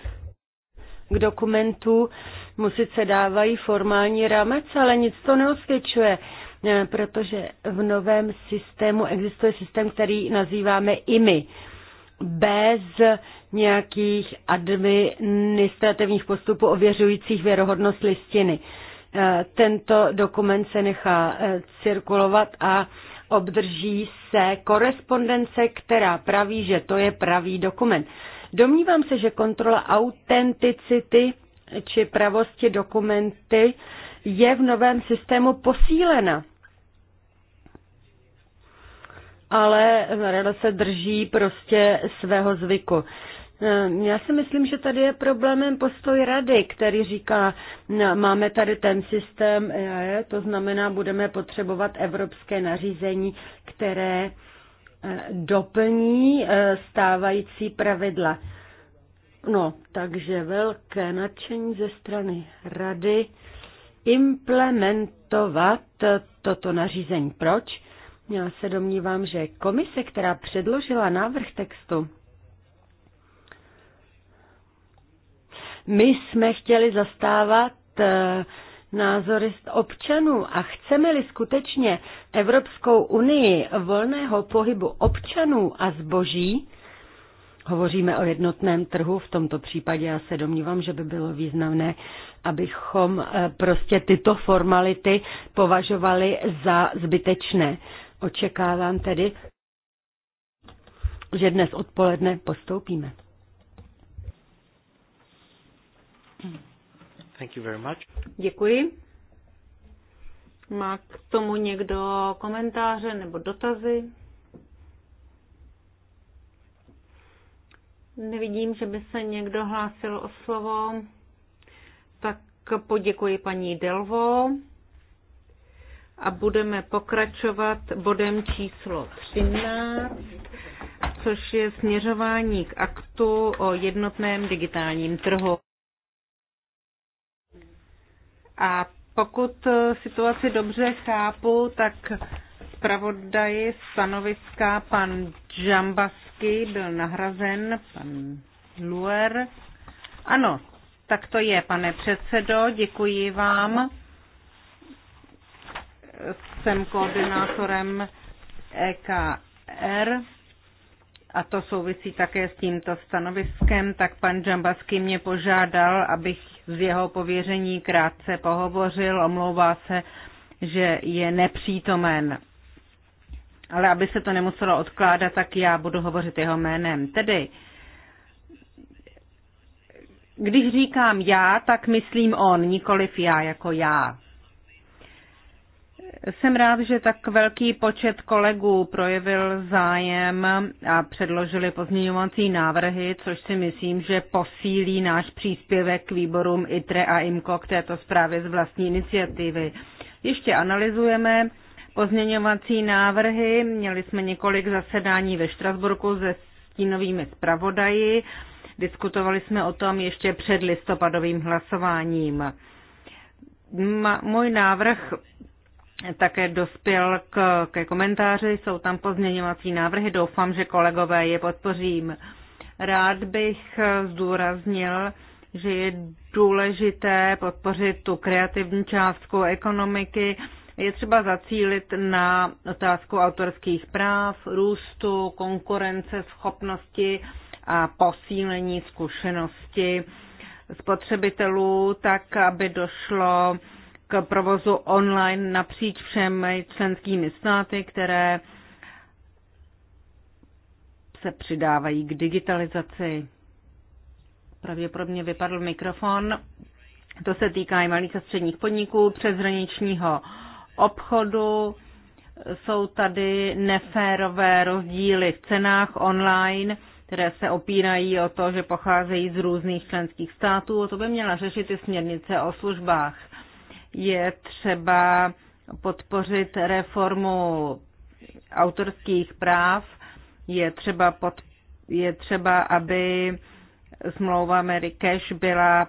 k dokumentu mu sice dávají formální rámec, ale nic to neosvědčuje, eh, protože v novém systému existuje systém, který nazýváme IMI. Bez nějakých administrativních postupů ověřujících věrohodnost listiny. Eh, tento dokument se nechá eh, cirkulovat a obdrží se korespondence, která praví, že to je pravý dokument. Domnívám se, že kontrola autenticity či pravosti dokumenty je v novém systému posílena. Ale rada se drží prostě svého zvyku. Ehm, já si myslím, že tady je problémem postoj rady, který říká, máme tady ten systém, e, to znamená, budeme potřebovat evropské nařízení, které e, doplní e, stávající pravidla. No, takže velké nadšení ze strany rady implementovat toto nařízení. Proč? Já se domnívám, že komise, která předložila návrh textu, My jsme chtěli zastávat eh, názory občanů a chceme-li skutečně Evropskou unii volného pohybu občanů a zboží, hovoříme o jednotném trhu, v tomto případě já se domnívám, že by bylo významné, abychom eh, prostě tyto formality považovali za zbytečné. Očekávám tedy, že dnes odpoledne postoupíme. Thank you very much. Děkuji. Má k tomu někdo komentáře nebo dotazy? Nevidím, že by se někdo hlásil o slovo. Tak poděkuji paní Delvo a budeme pokračovat bodem číslo 13, což je směřování k aktu o jednotném digitálním trhu. A pokud eh, situaci dobře chápu, tak zpravodaji stanoviska pan Džambasky byl nahrazen, pan Luer. Ano, tak to je, pane předsedo, děkuji vám. Jsem koordinátorem EKR a to souvisí také s tímto stanoviskem, tak pan Džambasky mě požádal, abych z jeho pověření krátce pohovořil, omlouvá se, že je nepřítomen. Ale aby se to nemuselo odkládat, tak já budu hovořit jeho jménem. Tedy, když říkám já, tak myslím on, nikoliv já jako já. Jsem rád, že tak velký počet kolegů projevil zájem a předložili pozměňovací návrhy, což si myslím, že posílí náš příspěvek k výborům ITRE a IMCO k této zprávě z vlastní iniciativy. Ještě analyzujeme pozměňovací návrhy. Měli jsme několik zasedání ve Štrasburku se stínovými zpravodaji. Diskutovali jsme o tom ještě před listopadovým hlasováním. Ma, můj návrh také dospěl k, ke komentáři. Jsou tam pozměňovací návrhy, doufám, že kolegové je podpořím. Rád bych zdůraznil, že je důležité podpořit tu kreativní částku ekonomiky. Je třeba zacílit na otázku autorských práv, růstu, konkurence, schopnosti a posílení zkušenosti spotřebitelů, tak aby došlo k provozu online napříč všemi členskými státy, které se přidávají k digitalizaci. Pravděpodobně vypadl mikrofon. To se týká i malých a středních podniků, přeshraničního obchodu. Jsou tady neférové rozdíly v cenách online, které se opírají o to, že pocházejí z různých členských států. O to by měla řešit i směrnice o službách je třeba podpořit reformu autorských práv, je třeba, pod, je třeba aby smlouva Mary Cash byla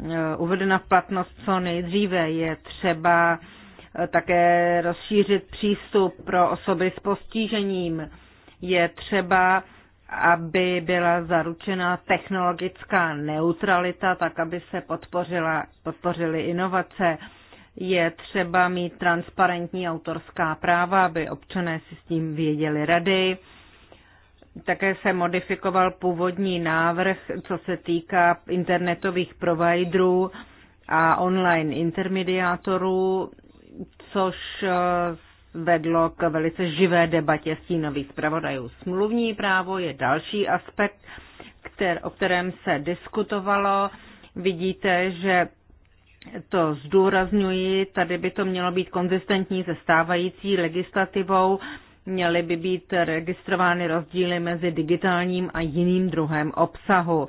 eh, uvedena v platnost co nejdříve. Je třeba eh, také rozšířit přístup pro osoby s postižením. Je třeba, aby byla zaručena technologická neutralita, tak aby se podpořila, podpořily inovace je třeba mít transparentní autorská práva, aby občané si s tím věděli rady. Také se modifikoval původní návrh, co se týká internetových providerů a online intermediátorů, což eh, vedlo k velice živé debatě stínových zpravodajů. Smluvní právo je další aspekt, kter, o kterém se diskutovalo. Vidíte, že to zdůrazňuji, tady by to mělo být konzistentní se stávající legislativou, měly by být registrovány rozdíly mezi digitálním a jiným druhem obsahu.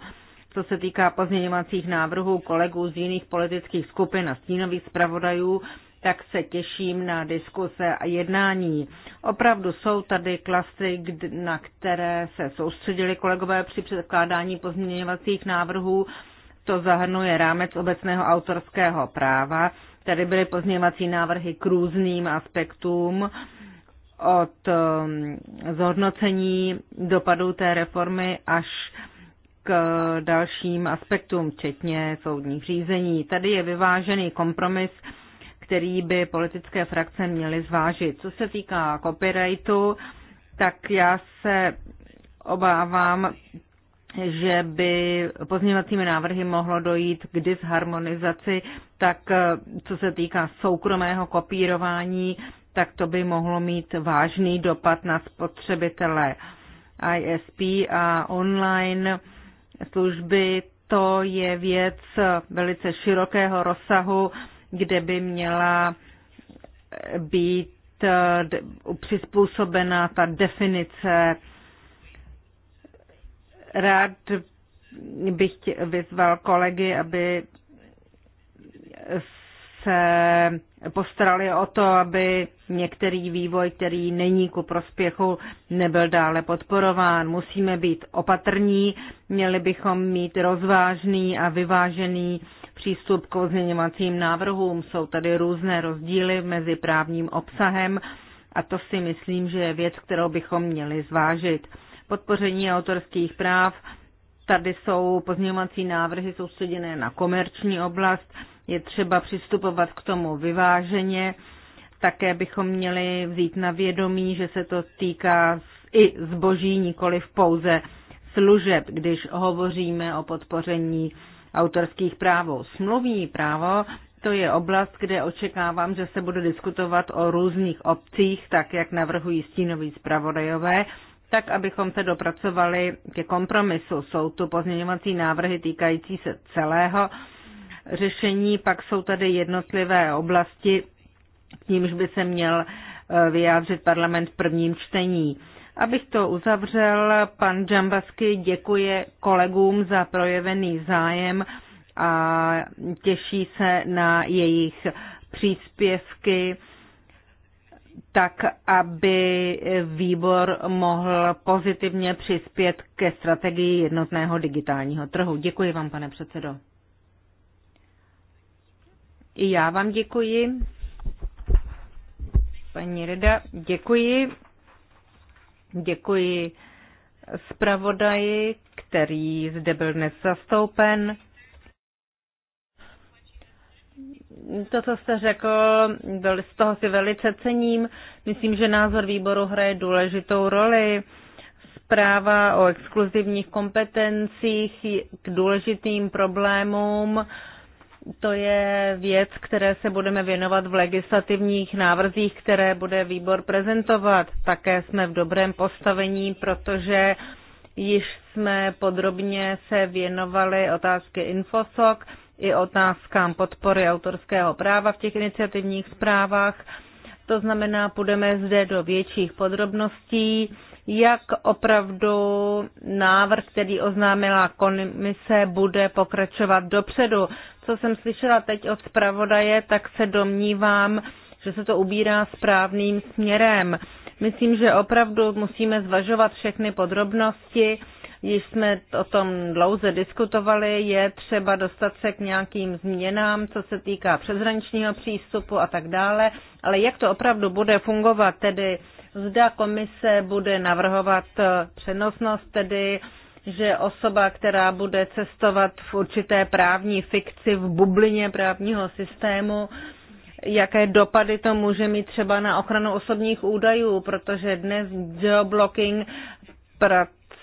Co se týká pozměňovacích návrhů kolegů z jiných politických skupin a stínových zpravodajů, tak se těším na diskuse a jednání. Opravdu jsou tady klasy, na které se soustředili kolegové při předkládání pozměňovacích návrhů. To zahrnuje rámec obecného autorského práva. Tady byly pozměňovací návrhy k různým aspektům od um, zhodnocení dopadů té reformy až k dalším aspektům, včetně soudních řízení. Tady je vyvážený kompromis, který by politické frakce měly zvážit. Co se týká copyrightu, tak já se obávám že by pozměňovacími návrhy mohlo dojít k disharmonizaci, tak eh, co se týká soukromého kopírování, tak to by mohlo mít vážný dopad na spotřebitele ISP a online služby. To je věc velice širokého rozsahu, kde by měla eh, být eh, přizpůsobena ta definice Rád bych vyzval kolegy, aby se postarali o to, aby některý vývoj, který není ku prospěchu, nebyl dále podporován. Musíme být opatrní, měli bychom mít rozvážný a vyvážený přístup k ozměňovacím návrhům. Jsou tady různé rozdíly mezi právním obsahem a to si myslím, že je věc, kterou bychom měli zvážit podpoření autorských práv. Tady jsou pozměňovací návrhy soustředěné na komerční oblast. Je třeba přistupovat k tomu vyváženě. Také bychom měli vzít na vědomí, že se to týká i zboží, nikoli v pouze služeb, když hovoříme o podpoření autorských práv, Smluvní právo to je oblast, kde očekávám, že se bude diskutovat o různých obcích, tak jak navrhují stínoví zpravodajové tak abychom se dopracovali ke kompromisu. Jsou tu pozměňovací návrhy týkající se celého řešení, pak jsou tady jednotlivé oblasti, k nímž by se měl eh, vyjádřit parlament v prvním čtení. Abych to uzavřel, pan Džambasky děkuje kolegům za projevený zájem a těší se na jejich příspěvky tak aby výbor mohl pozitivně přispět ke strategii jednotného digitálního trhu. Děkuji vám, pane předsedo. I já vám děkuji. Paní Reda, děkuji. Děkuji zpravodaji, který zde byl dnes zastoupen to, co jste řekl, z toho si velice cením. Myslím, že názor výboru hraje důležitou roli. Zpráva o exkluzivních kompetencích k důležitým problémům, to je věc, které se budeme věnovat v legislativních návrzích, které bude výbor prezentovat. Také jsme v dobrém postavení, protože již jsme podrobně se věnovali otázky Infosoc i otázkám podpory autorského práva v těch iniciativních zprávách. To znamená, půjdeme zde do větších podrobností, jak opravdu návrh, který oznámila komise, bude pokračovat dopředu. Co jsem slyšela teď od zpravodaje, tak se domnívám, že se to ubírá správným směrem. Myslím, že opravdu musíme zvažovat všechny podrobnosti již jsme o tom dlouze diskutovali, je třeba dostat se k nějakým změnám, co se týká přeshraničního přístupu a tak dále, ale jak to opravdu bude fungovat, tedy zda komise bude navrhovat eh, přenosnost, tedy že osoba, která bude cestovat v určité právní fikci v bublině právního systému, jaké dopady to může mít třeba na ochranu osobních údajů, protože dnes geoblocking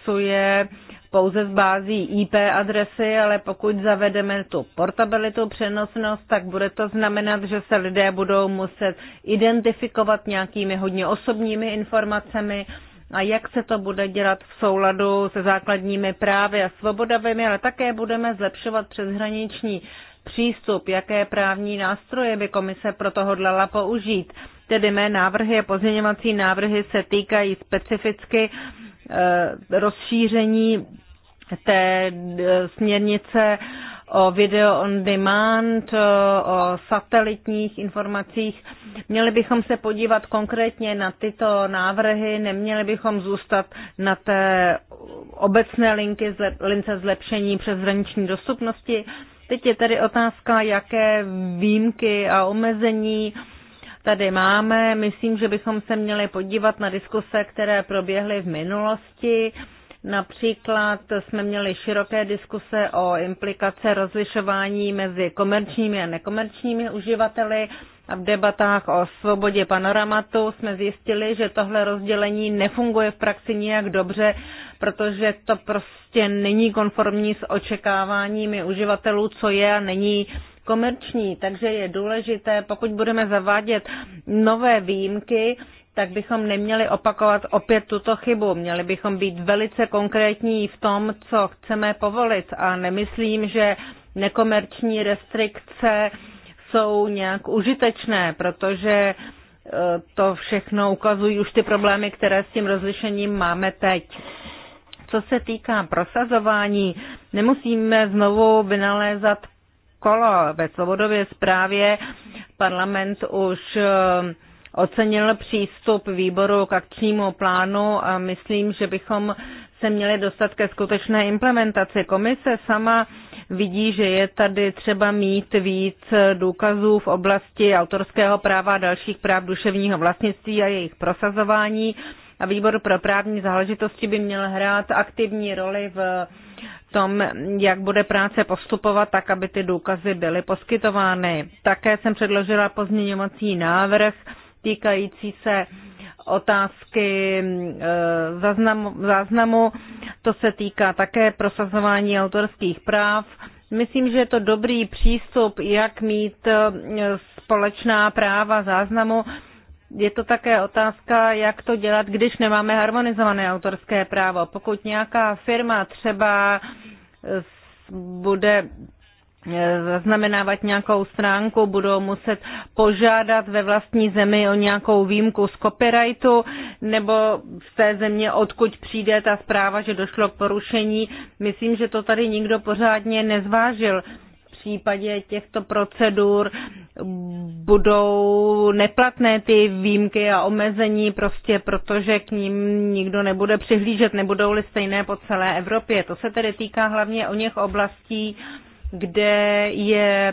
pracuje pouze s bází IP adresy, ale pokud zavedeme tu portabilitu, přenosnost, tak bude to znamenat, že se lidé budou muset identifikovat nějakými hodně osobními informacemi a jak se to bude dělat v souladu se základními právy a svobodavými, ale také budeme zlepšovat přeshraniční přístup, jaké právní nástroje by komise pro to hodlala použít. Tedy mé návrhy a pozměňovací návrhy se týkají specificky uh, Eh, rozšíření té eh, směrnice o video on demand, eh, o satelitních informacích. Měli bychom se podívat konkrétně na tyto návrhy, neměli bychom zůstat na té obecné linky, lince zlepšení přeshraniční dostupnosti. Teď je tedy otázka, jaké výjimky a omezení uh, tady máme. Myslím, že bychom se měli podívat na diskuse, které proběhly v minulosti. Například jsme měli široké diskuse o implikace rozlišování mezi komerčními a nekomerčními uživateli a v debatách o svobodě panoramatu jsme zjistili, že tohle rozdělení nefunguje v praxi nijak dobře, protože to prostě není konformní s očekáváními uživatelů, co je a není komerční, takže je důležité, pokud budeme zavádět nové výjimky, tak bychom neměli opakovat opět tuto chybu. Měli bychom být velice konkrétní v tom, co chceme povolit a nemyslím, že nekomerční restrikce jsou nějak užitečné, protože e, to všechno ukazují už ty problémy, které s tím rozlišením máme teď. Co se týká prosazování, nemusíme znovu vynalézat kolo. Ve svobodově zprávě parlament už eh, ocenil přístup výboru k akčnímu plánu a myslím, že bychom se měli dostat ke skutečné implementaci. Komise sama vidí, že je tady třeba mít víc důkazů v oblasti autorského práva a dalších práv duševního vlastnictví a jejich prosazování a výbor pro právní záležitosti by měl hrát aktivní roli v tom, jak bude práce postupovat, tak aby ty důkazy byly poskytovány. Také jsem předložila pozměňovací návrh týkající se otázky e, záznamu, záznamu. To se týká také prosazování autorských práv. Myslím, že je to dobrý přístup, jak mít e, společná práva záznamu je to také otázka, jak to dělat, když nemáme harmonizované autorské právo. Pokud nějaká firma třeba eh, bude eh, zaznamenávat nějakou stránku, budou muset požádat ve vlastní zemi o nějakou výjimku z copyrightu nebo v té země, odkud přijde ta zpráva, že došlo k porušení. Myslím, že to tady nikdo pořádně nezvážil případě těchto procedur budou neplatné ty výjimky a omezení, prostě protože k ním nikdo nebude přihlížet, nebudou-li stejné po celé Evropě. To se tedy týká hlavně o něch oblastí, kde je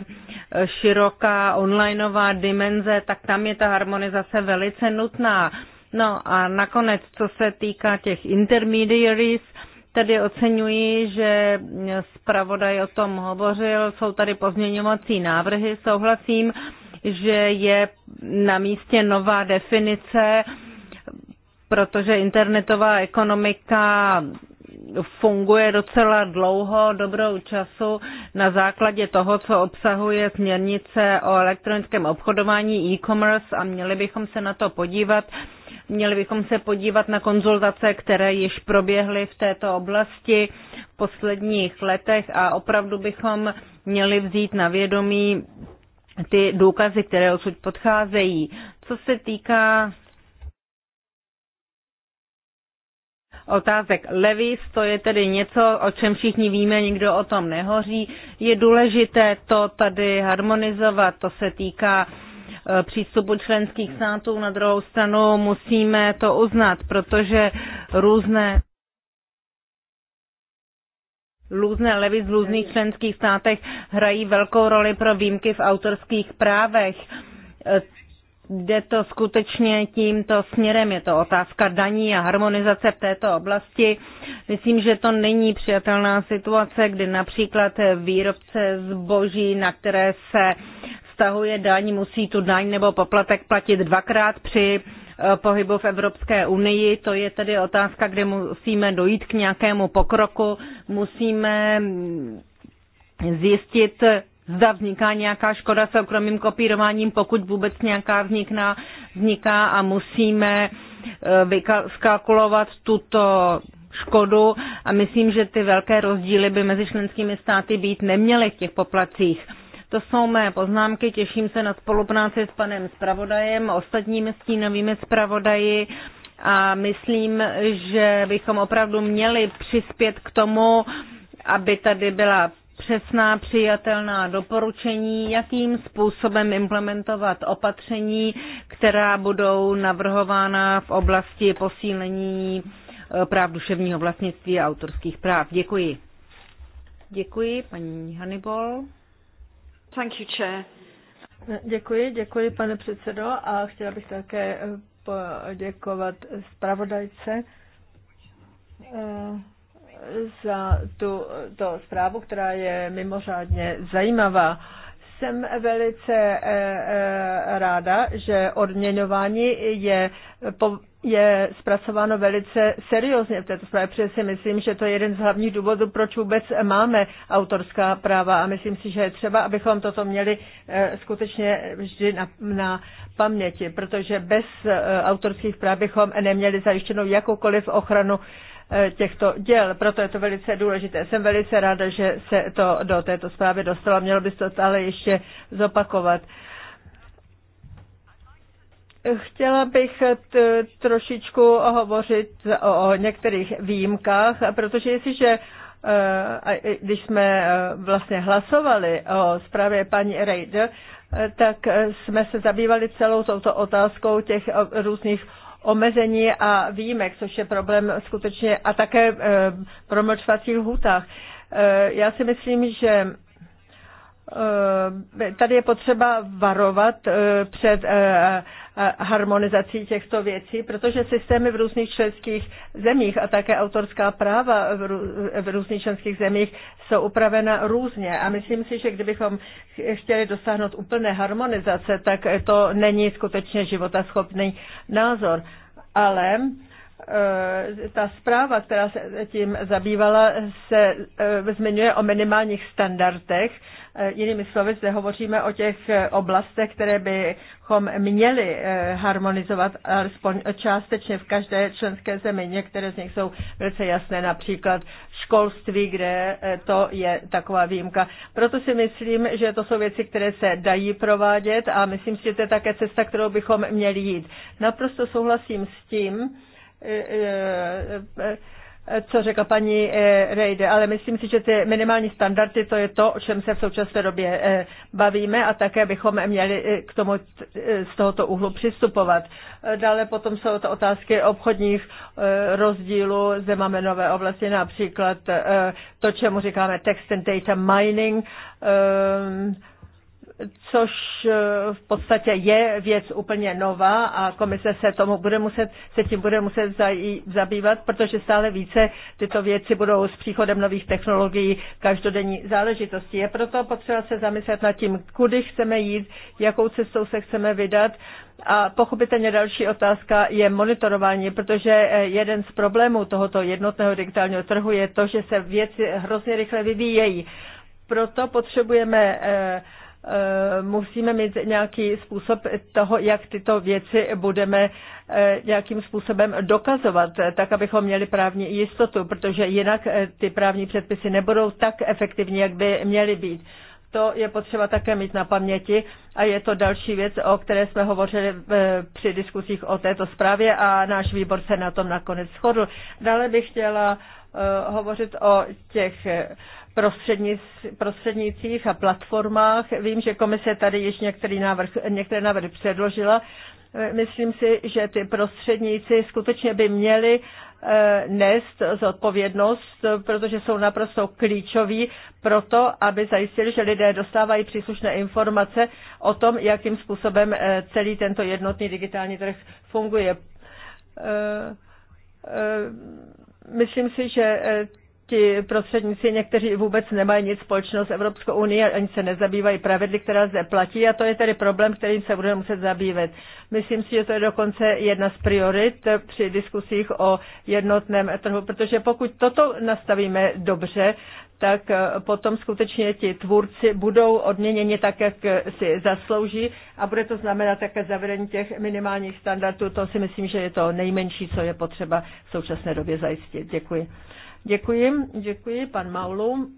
široká onlineová dimenze, tak tam je ta harmonizace velice nutná. No a nakonec, co se týká těch intermediaries, Tedy oceňuji, že zpravodaj o tom hovořil, jsou tady pozměňovací návrhy, souhlasím, že je na místě nová definice, protože internetová ekonomika funguje docela dlouho, dobrou času na základě toho, co obsahuje směrnice o elektronickém obchodování e-commerce a měli bychom se na to podívat Měli bychom se podívat na konzultace, které již proběhly v této oblasti v posledních letech a opravdu bychom měli vzít na vědomí ty důkazy, které odsud podcházejí. Co se týká otázek Levis, to je tedy něco, o čem všichni víme, nikdo o tom nehoří. Je důležité to tady harmonizovat, to se týká Eh, přístupu členských států. Na druhou stranu musíme to uznat, protože různé Různé levy z různých členských státech hrají velkou roli pro výjimky v autorských právech. Eh, jde to skutečně tímto směrem. Je to otázka daní a harmonizace v této oblasti. Myslím, že to není přijatelná situace, kdy například výrobce zboží, na které se stahuje daň, musí tu daň nebo poplatek platit dvakrát při eh, pohybu v Evropské unii. To je tedy otázka, kde musíme dojít k nějakému pokroku. Musíme mm, zjistit, zda vzniká nějaká škoda okromým kopírováním, pokud vůbec nějaká vznikná, vzniká a musíme eh, vykalkulovat tuto škodu a myslím, že ty velké rozdíly by mezi členskými státy být neměly v těch poplacích to jsou mé poznámky, těším se na spolupráci s panem zpravodajem, ostatními stínovými zpravodaji a myslím, že bychom opravdu měli přispět k tomu, aby tady byla přesná přijatelná doporučení, jakým způsobem implementovat opatření, která budou navrhována v oblasti posílení eh, práv duševního vlastnictví a autorských práv. Děkuji. Děkuji, paní Hannibal. Thank you, Chair. Děkuji, děkuji, pane předsedo, a chtěla bych také eh, poděkovat zpravodajce eh, za tu to zprávu, která je mimořádně zajímavá. Jsem velice eh, eh, ráda, že odměňování je, je zpracováno velice seriózně v této zprávě, protože si myslím, že to je jeden z hlavních důvodů, proč vůbec máme autorská práva a myslím si, že je třeba, abychom toto měli eh, skutečně vždy na, na paměti, protože bez autorských práv bychom neměli zajištěnou jakoukoliv ochranu Eh, těchto děl. Proto je to velice důležité. Jsem velice ráda, že se to do této zprávy dostalo. Mělo by se to ale ještě zopakovat. Chtěla bych trošičku hovořit o, některých výjimkách, protože jestliže eh, když jsme eh, vlastně hlasovali o zprávě paní Reider, tak jsme se zabývali celou touto otázkou těch různých omezení a výjimek, což je problém skutečně, a také eh, promlčovacích E, eh, Já si myslím, že eh, tady je potřeba varovat před harmonizací těchto věcí, protože systémy v různých členských zemích a také autorská práva v různých členských zemích jsou upravena různě. A myslím si, že kdybychom chtěli dosáhnout úplné harmonizace, tak to není skutečně životaschopný názor. Ale e, ta zpráva, která se tím zabývala, se e, zmiňuje o minimálních standardech Eh, jinými slovy, zde hovoříme o těch eh, oblastech, které bychom měli eh, harmonizovat alespoň částečně v každé členské zemi. Některé z nich jsou velice jasné, například školství, kde to je taková výjimka. Proto si myslím, že to jsou věci, které se dají provádět a myslím si, že to je také cesta, kterou bychom měli jít. Naprosto souhlasím s tím, co řekla paní eh, Rejde, ale myslím si, že ty minimální standardy, to je to, o čem se v současné době eh, bavíme a také bychom měli eh, k tomu z tohoto úhlu přistupovat. Dále potom jsou to otázky obchodních rozdílů, zde máme nové oblasti, například to, čemu říkáme text and data mining, což eh, v podstatě je věc úplně nová a komise se tomu bude muset, se tím bude muset zabývat, protože stále více tyto věci budou s příchodem nových technologií každodenní záležitosti. Je proto potřeba se zamyslet nad tím, kudy chceme jít, jakou cestou se chceme vydat. A pochopitelně další otázka je monitorování, protože eh, jeden z problémů tohoto jednotného digitálního trhu je to, že se věci hrozně rychle vyvíjejí. Proto potřebujeme eh, Eh, musíme mít nějaký způsob toho, jak tyto věci budeme eh, nějakým způsobem dokazovat, eh, tak abychom měli právní jistotu, protože jinak ty právní předpisy nebudou tak efektivní, jak by měly být. To je potřeba také mít na paměti a je to další věc, o které jsme hovořili při diskusích o této zprávě a náš výbor se na tom nakonec shodl. Dále bych chtěla hovořit o těch prostřednicích a platformách. Vím, že komise tady již některý návrh, některé návrhy předložila. Myslím si, že ty prostředníci skutečně by měli eh, nést zodpovědnost, protože jsou naprosto klíčoví pro to, aby zajistili, že lidé dostávají příslušné informace o tom, jakým způsobem eh, celý tento jednotný digitální trh funguje. Eh, myslím si, že ti prostředníci někteří vůbec nemají nic společného s Evropskou unii, ani se nezabývají pravidly, která zde platí a to je tedy problém, kterým se budeme muset zabývat. Myslím si, že to je dokonce jedna z priorit při diskusích o jednotném trhu, protože pokud toto nastavíme dobře, tak eh, potom skutečně ti tvůrci budou odměněni tak, jak si zaslouží a bude to znamenat také zavedení těch minimálních standardů. To si myslím, že je to nejmenší, co je potřeba v současné době zajistit. Děkuji. Děkuji, děkuji, pan Maulu.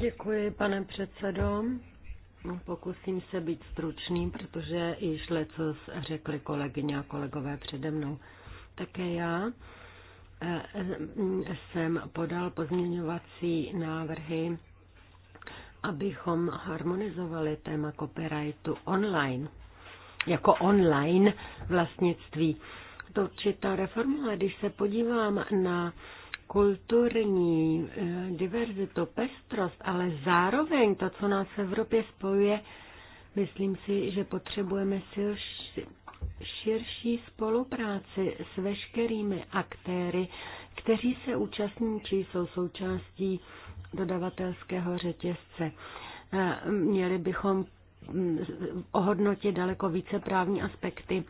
Děkuji, pane předsedo. Pokusím se být stručný, protože již leco řekli kolegyně a kolegové přede mnou. Také já eh, eh, jsem podal pozměňovací návrhy, abychom harmonizovali téma copyrightu online, jako online vlastnictví určitá reforma, ale když se podívám na kulturní eh, diverzitu, pestrost, ale zároveň to, co nás v Evropě spojuje, myslím si, že potřebujeme silší, širší spolupráci s veškerými aktéry, kteří se účastní či jsou součástí dodavatelského řetězce. Eh, měli bychom mm, ohodnotit daleko více právní aspekty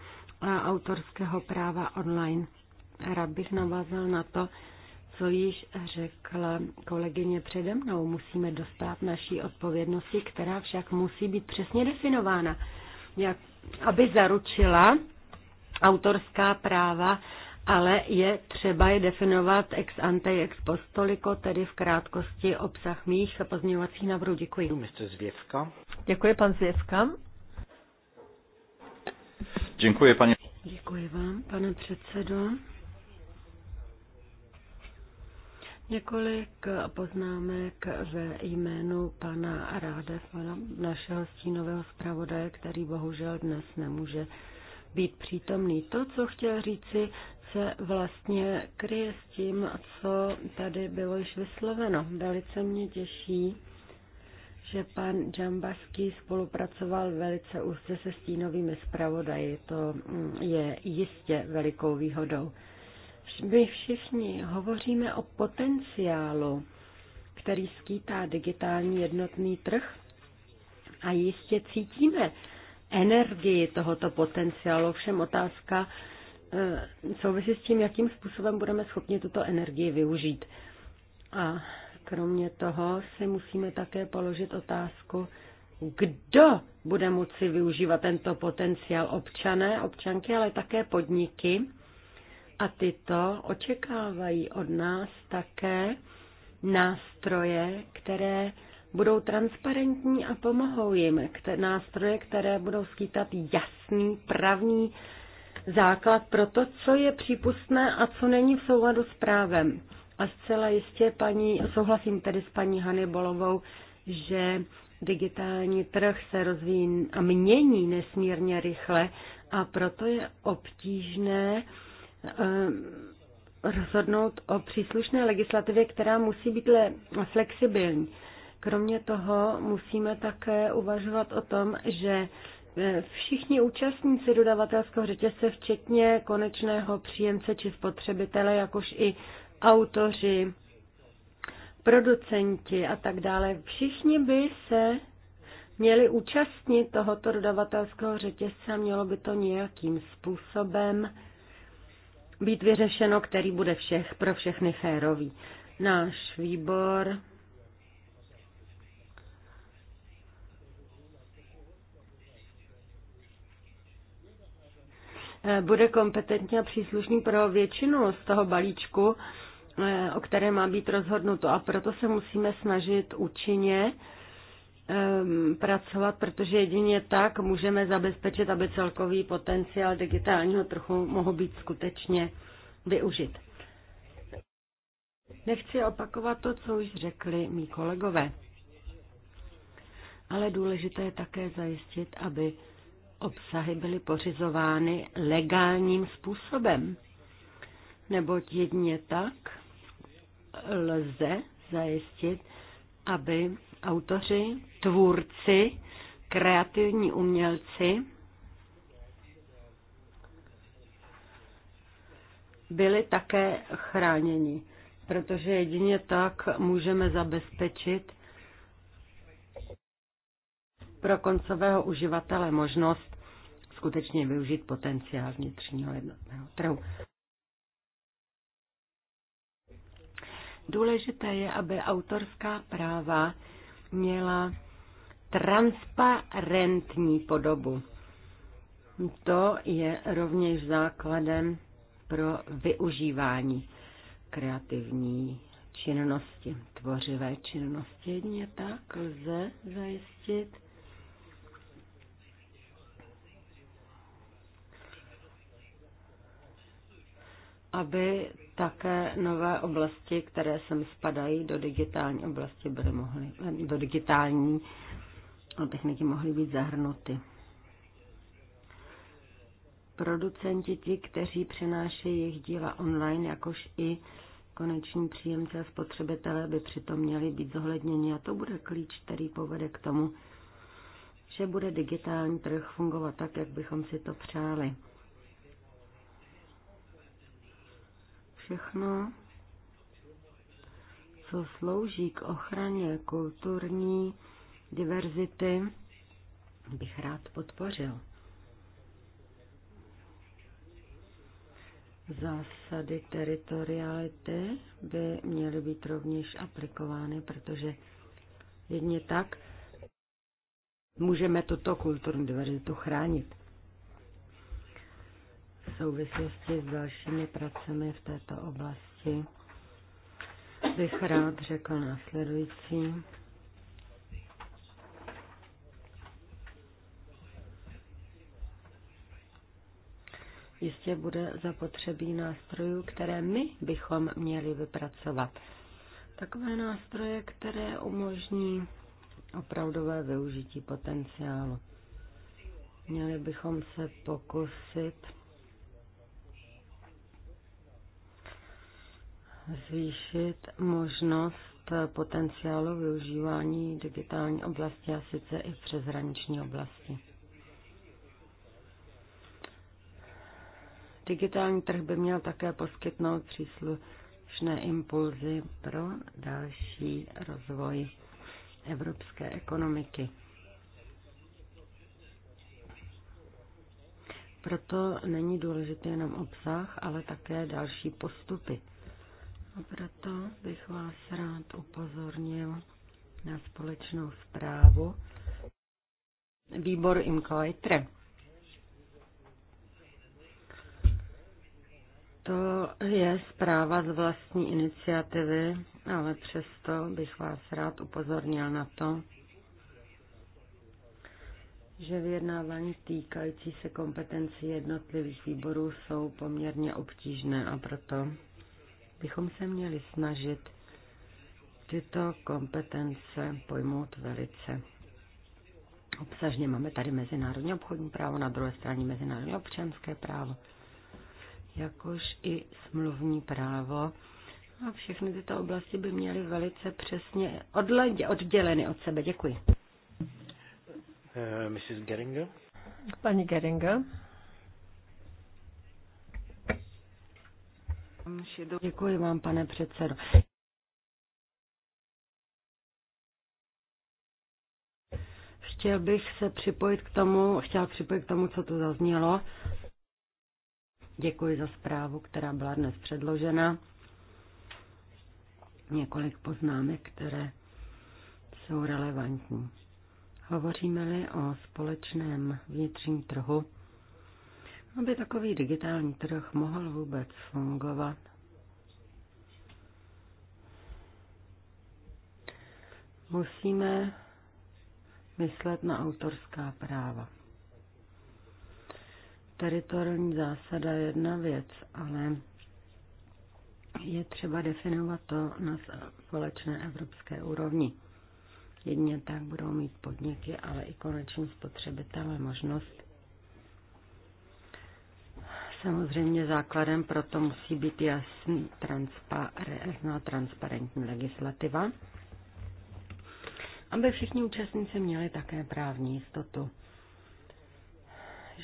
autorského práva online. Rád bych navázal na to, co již řekla kolegyně přede mnou. Musíme dostat naší odpovědnosti, která však musí být přesně definována, jak, aby zaručila autorská práva, ale je třeba je definovat ex ante, ex post, toliko tedy v krátkosti obsah mých pozměňovacích návrhů. Děkuji. Děkuji, pan Zvěvka. Děkuji, paní Děkuji vám, pane předsedo. Několik poznámek ve jménu pana Rádev, našeho stínového zpravodaje, který bohužel dnes nemůže být přítomný. To, co chtěl říci, se vlastně kryje s tím, co tady bylo již vysloveno. Velice mě těší, že pan Džambaský spolupracoval velice úzce se stínovými zpravodaji. To mm, je jistě velikou výhodou. My všichni hovoříme o potenciálu, který skýtá digitální jednotný trh a jistě cítíme energii tohoto potenciálu. Všem otázka e, souvisí s tím, jakým způsobem budeme schopni tuto energii využít. A Kromě toho si musíme také položit otázku, kdo bude moci využívat tento potenciál občané, občanky, ale také podniky. A tyto očekávají od nás také nástroje, které budou transparentní a pomohou jim. Nástroje, které budou skýtat jasný pravní základ pro to, co je přípustné a co není v souladu s právem. A zcela jistě paní, souhlasím tedy s paní Bolovou, že digitální trh se rozvíjí a mění nesmírně rychle a proto je obtížné eh, rozhodnout o příslušné legislativě, která musí být flexibilní. Kromě toho musíme také uvažovat o tom, že eh, všichni účastníci dodavatelského řetězce, včetně konečného příjemce či spotřebitele, jakož i autoři, producenti a tak dále, všichni by se měli účastnit tohoto dodavatelského řetězce a mělo by to nějakým způsobem být vyřešeno, který bude všech, pro všechny férový. Náš výbor bude kompetentně a příslušný pro většinu z toho balíčku, o které má být rozhodnuto. A proto se musíme snažit účinně ehm, pracovat, protože jedině tak můžeme zabezpečit, aby celkový potenciál digitálního trhu mohl být skutečně využit. Nechci opakovat to, co už řekli mý kolegové, ale důležité je také zajistit, aby obsahy byly pořizovány legálním způsobem, neboť jedině tak lze zajistit, aby autoři, tvůrci, kreativní umělci byli také chráněni, protože jedině tak můžeme zabezpečit pro koncového uživatele možnost skutečně využít potenciál vnitřního jednotného trhu. Důležité je, aby autorská práva měla transparentní podobu. To je rovněž základem pro využívání kreativní činnosti, tvořivé činnosti. Jedině tak lze zajistit aby také nové oblasti, které sem spadají do digitální oblasti, byly mohly, do digitální techniky mohly být zahrnuty. Producenti, ti, kteří přenášejí jejich díla online, jakož i koneční příjemce a spotřebitelé by přitom měli být zohledněni a to bude klíč, který povede k tomu, že bude digitální trh fungovat tak, jak bychom si to přáli. všechno, co slouží k ochraně kulturní diverzity, bych rád podpořil. Zásady teritoriality by měly být rovněž aplikovány, protože jedně tak můžeme tuto kulturní diverzitu chránit souvislosti s dalšími pracemi v této oblasti bych rád řekl následující. Jistě bude zapotřebí nástrojů, které my bychom měli vypracovat. Takové nástroje, které umožní opravdové využití potenciálu. Měli bychom se pokusit zvýšit možnost potenciálu využívání digitální oblasti a sice i přeshraniční oblasti. Digitální trh by měl také poskytnout příslušné impulzy pro další rozvoj evropské ekonomiky. Proto není důležitý jenom obsah, ale také další postupy. A proto bych vás rád upozornil na společnou zprávu Výbor Imko To je zpráva z vlastní iniciativy, ale přesto bych vás rád upozornil na to, že vyjednávání týkající se kompetenci jednotlivých výborů jsou poměrně obtížné a proto bychom se měli snažit tyto kompetence pojmout velice obsažně. Máme tady mezinárodní obchodní právo, na druhé straně mezinárodní občanské právo, jakož i smluvní právo. A všechny tyto oblasti by měly velice přesně odledě, odděleny od sebe. Děkuji. Uh, Mrs. Geringer. Paní Geringer. Děkuji vám, pane předsedo. Chtěl bych se připojit k tomu, chtěl připojit k tomu, co tu zaznělo. Děkuji za zprávu, která byla dnes předložena. Několik poznámek, které jsou relevantní. Hovoříme-li o společném vnitřním trhu, aby takový digitální trh mohl vůbec fungovat, musíme myslet na autorská práva. Teritorní zásada je jedna věc, ale je třeba definovat to na společné evropské úrovni. Jedně tak budou mít podniky, ale i koneční spotřebitelé možnost Samozřejmě základem proto musí být jasný, transparentná, transparentní legislativa, aby všichni účastníci měli také právní jistotu,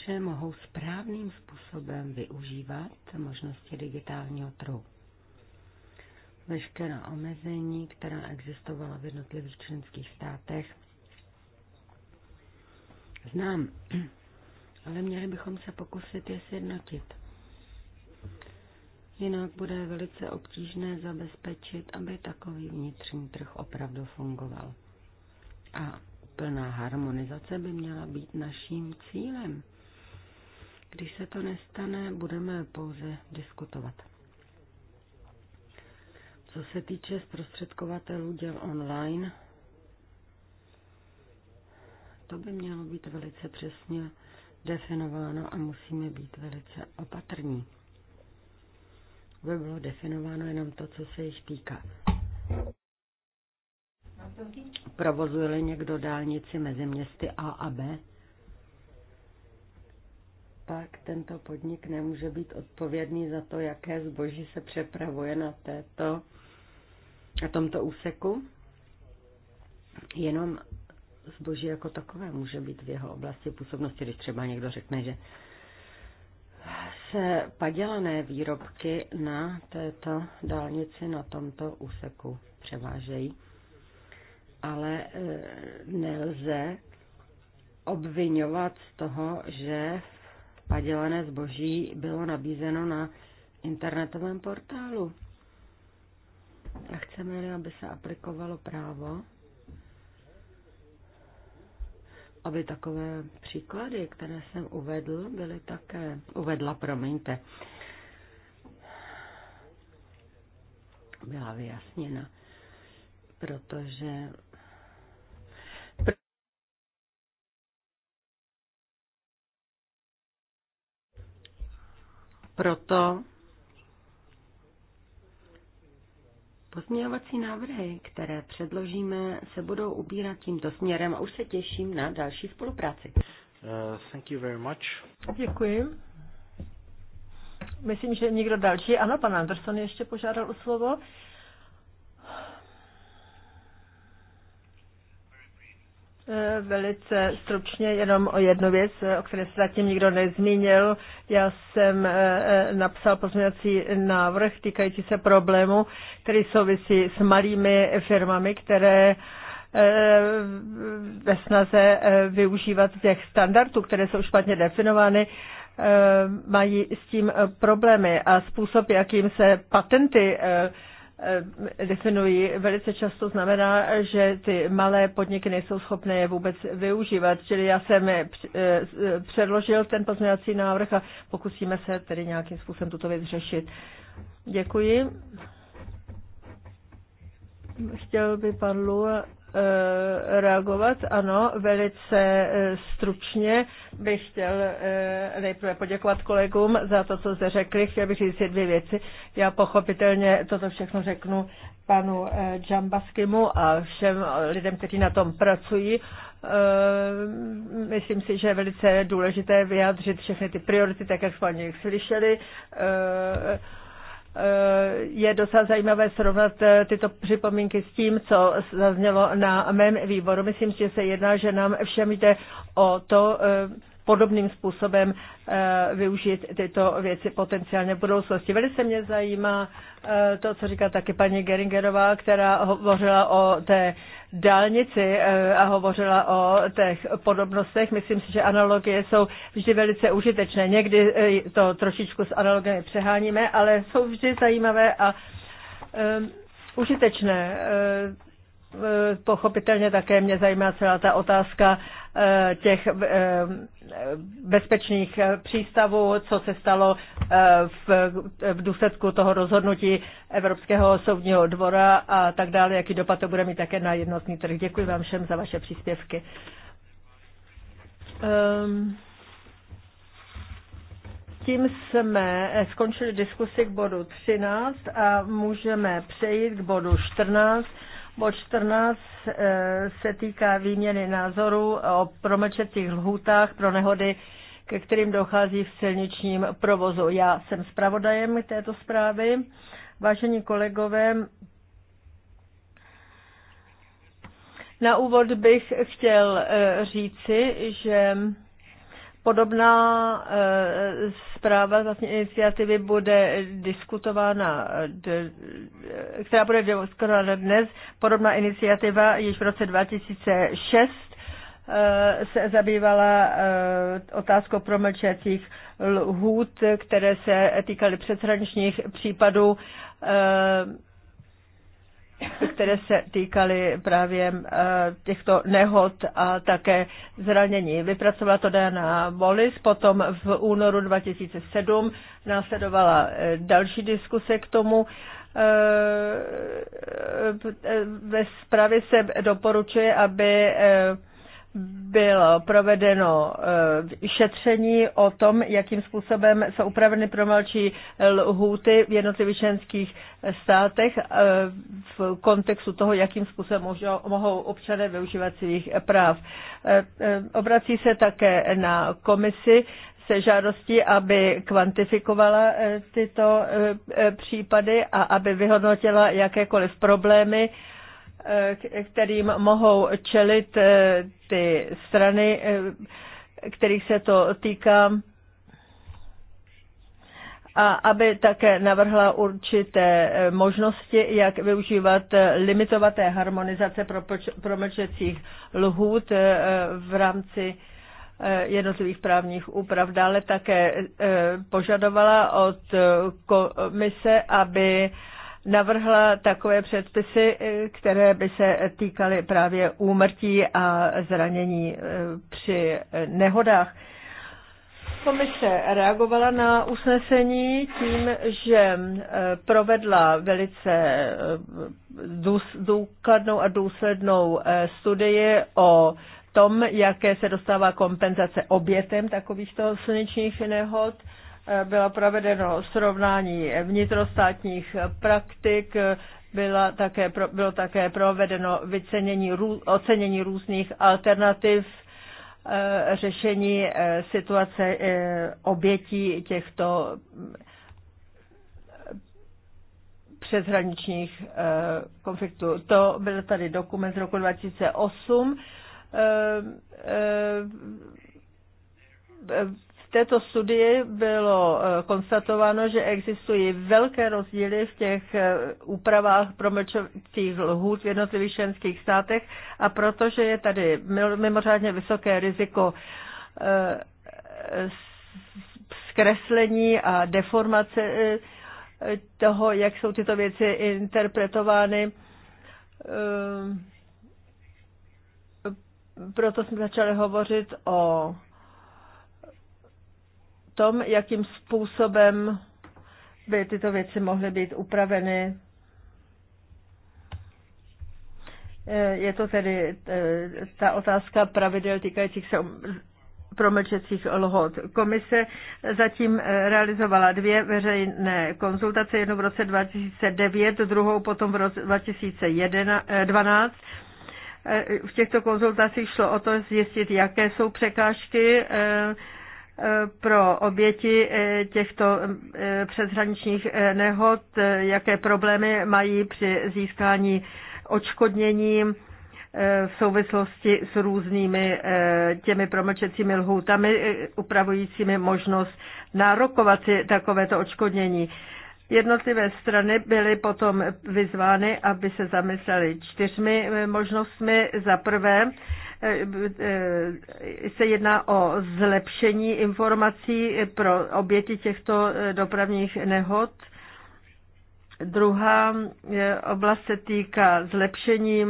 že mohou správným způsobem využívat možnosti digitálního trhu. Veškerá omezení, která existovala v jednotlivých členských státech, znám ale měli bychom se pokusit je sjednotit. Jinak bude velice obtížné zabezpečit, aby takový vnitřní trh opravdu fungoval. A plná harmonizace by měla být naším cílem. Když se to nestane, budeme pouze diskutovat. Co se týče zprostředkovatelů děl online, to by mělo být velice přesně definováno a musíme být velice opatrní. By bylo definováno jenom to, co se jich týká. Provozuje-li někdo dálnici mezi městy A a B, pak tento podnik nemůže být odpovědný za to, jaké zboží se přepravuje na, této, na tomto úseku. Jenom zboží jako takové může být v jeho oblasti působnosti, když třeba někdo řekne, že se padělané výrobky na této dálnici, na tomto úseku převážejí, ale e, nelze obvinovat z toho, že padělané zboží bylo nabízeno na internetovém portálu. A chceme-li, aby se aplikovalo právo, aby takové příklady, které jsem uvedl, byly také, uvedla, promiňte, byla vyjasněna, protože proto, Pozměňovací návrhy, které předložíme, se budou ubírat tímto směrem a už se těším na další spolupráci. Uh, thank you very much. Děkuji. Myslím, že někdo další. Ano, pan Anderson ještě požádal o slovo. Eh, velice stručně jenom o jednu věc, eh, o které se zatím nikdo nezmínil. Já jsem eh, napsal pozměňovací návrh týkající se problému, který souvisí s malými firmami, které ve snaze využívat těch standardů, které jsou špatně definovány, mají s tím problémy a způsob, jakým se patenty Eh, definují, velice často znamená, že ty malé podniky nejsou schopné je vůbec využívat. Čili já jsem eh, eh, předložil ten pozměňovací návrh a pokusíme se tedy nějakým způsobem tuto věc řešit. Děkuji. Chtěl by pan Lua Eh, reagovat. Ano, velice eh, stručně bych chtěl eh, nejprve poděkovat kolegům za to, co zde řekli. Chtěl bych říct dvě věci. Já pochopitelně toto všechno řeknu panu Džambaskimu a všem lidem, kteří na tom pracují. Myslím si, že je velice důležité vyjádřit všechny ty priority, tak jak jsme o nich slyšeli je docela zajímavé srovnat eh, tyto připomínky s tím, co zaznělo na mém výboru. Myslím, že se jedná, že nám všem jde o to, eh, podobným způsobem eh, využít tyto věci potenciálně v budoucnosti. Velice mě zajímá eh, to, co říká taky paní Geringerová, která hovořila o té dálnici eh, a hovořila o těch podobnostech. Myslím si, že analogie jsou vždy velice užitečné. Někdy to trošičku s analogiemi přeháníme, ale jsou vždy zajímavé a um, užitečné. Eh, pochopitelně také mě zajímá celá ta otázka eh, těch eh, bezpečných přístavů, co se stalo v, důsledku toho rozhodnutí Evropského soudního dvora a tak dále, jaký dopad to bude mít také na jednotný trh. Děkuji vám všem za vaše příspěvky. Um, tím jsme skončili diskusi k bodu 13 a můžeme přejít k bodu 14. Bod 14 eh, se týká výměny názorů o promlčecích lhůtách pro nehody, ke kterým dochází v silničním provozu. Já jsem zpravodajem této zprávy. Vážení kolegové, na úvod bych chtěl eh, říci, že Podobná eh, zpráva vlastně iniciativy bude diskutována, která bude diskutována dnes. Podobná iniciativa již v roce 2006 eh, se zabývala eh, otázkou promlčecích lhůt, které se týkaly přeshraničních případů které se týkaly právě eh, těchto nehod a také zranění. Vypracovala to Diana Wallis, potom v únoru 2007 následovala eh, další diskuse k tomu. Eh, ve zprávě se doporučuje, aby bylo provedeno eh, šetření o tom, jakým způsobem jsou upraveny promlčí lhůty v jednotlivých členských státech eh, v kontextu toho, jakým způsobem mohou občané využívat svých práv. Eh, obrací se také na komisi se žádostí, aby kvantifikovala tyto případy a aby vyhodnotila jakékoliv problémy, Eh, kterým mohou čelit eh, ty strany, eh, kterých se to týká, a aby také navrhla určité možnosti, jak využívat limitovaté harmonizace promlčecích lhůt v rámci jednotlivých právních úprav. Dále také požadovala od komise, aby navrhla takové předpisy, eh, které by se týkaly právě úmrtí a zranění eh, při nehodách. Komise reagovala na usnesení tím, že eh, provedla velice důkladnou a důslednou studii o tom, jaké se dostává kompenzace obětem takovýchto slunečních nehod bylo provedeno srovnání vnitrostátních praktik, byla také, bylo také provedeno vycenění, ocenění různých alternativ eh, řešení eh, situace eh, obětí těchto přeshraničních konfliktů. To byl tady dokument z roku 2008. V této studii bylo eh, konstatováno, že existují velké rozdíly v těch eh, úpravách promlčovacích lhůt v jednotlivých členských státech a protože je tady mimořádně vysoké riziko eh, zkreslení a deformace toho, jak jsou tyto věci interpretovány, proto jsme začali hovořit o tom, jakým způsobem by tyto věci mohly být upraveny. Eh, je to tedy eh, ta otázka pravidel týkajících se promlčecích lhod. Komise zatím eh, realizovala dvě veřejné konzultace, jednu v roce 2009, druhou potom v roce 2012. V těchto konzultacích šlo o to zjistit, jaké jsou překážky pro oběti eh, těchto eh, přeshraničních eh, nehod, jaké problémy mají při získání odškodnění v souvislosti s různými těmi promlčecími lhůtami upravujícími možnost nárokovat si takovéto odškodnění. Jednotlivé strany byly potom vyzvány, aby se zamysleli čtyřmi možnostmi. Za prvé, se jedná o zlepšení informací pro oběti těchto dopravních nehod. Druhá oblast se týká zlepšení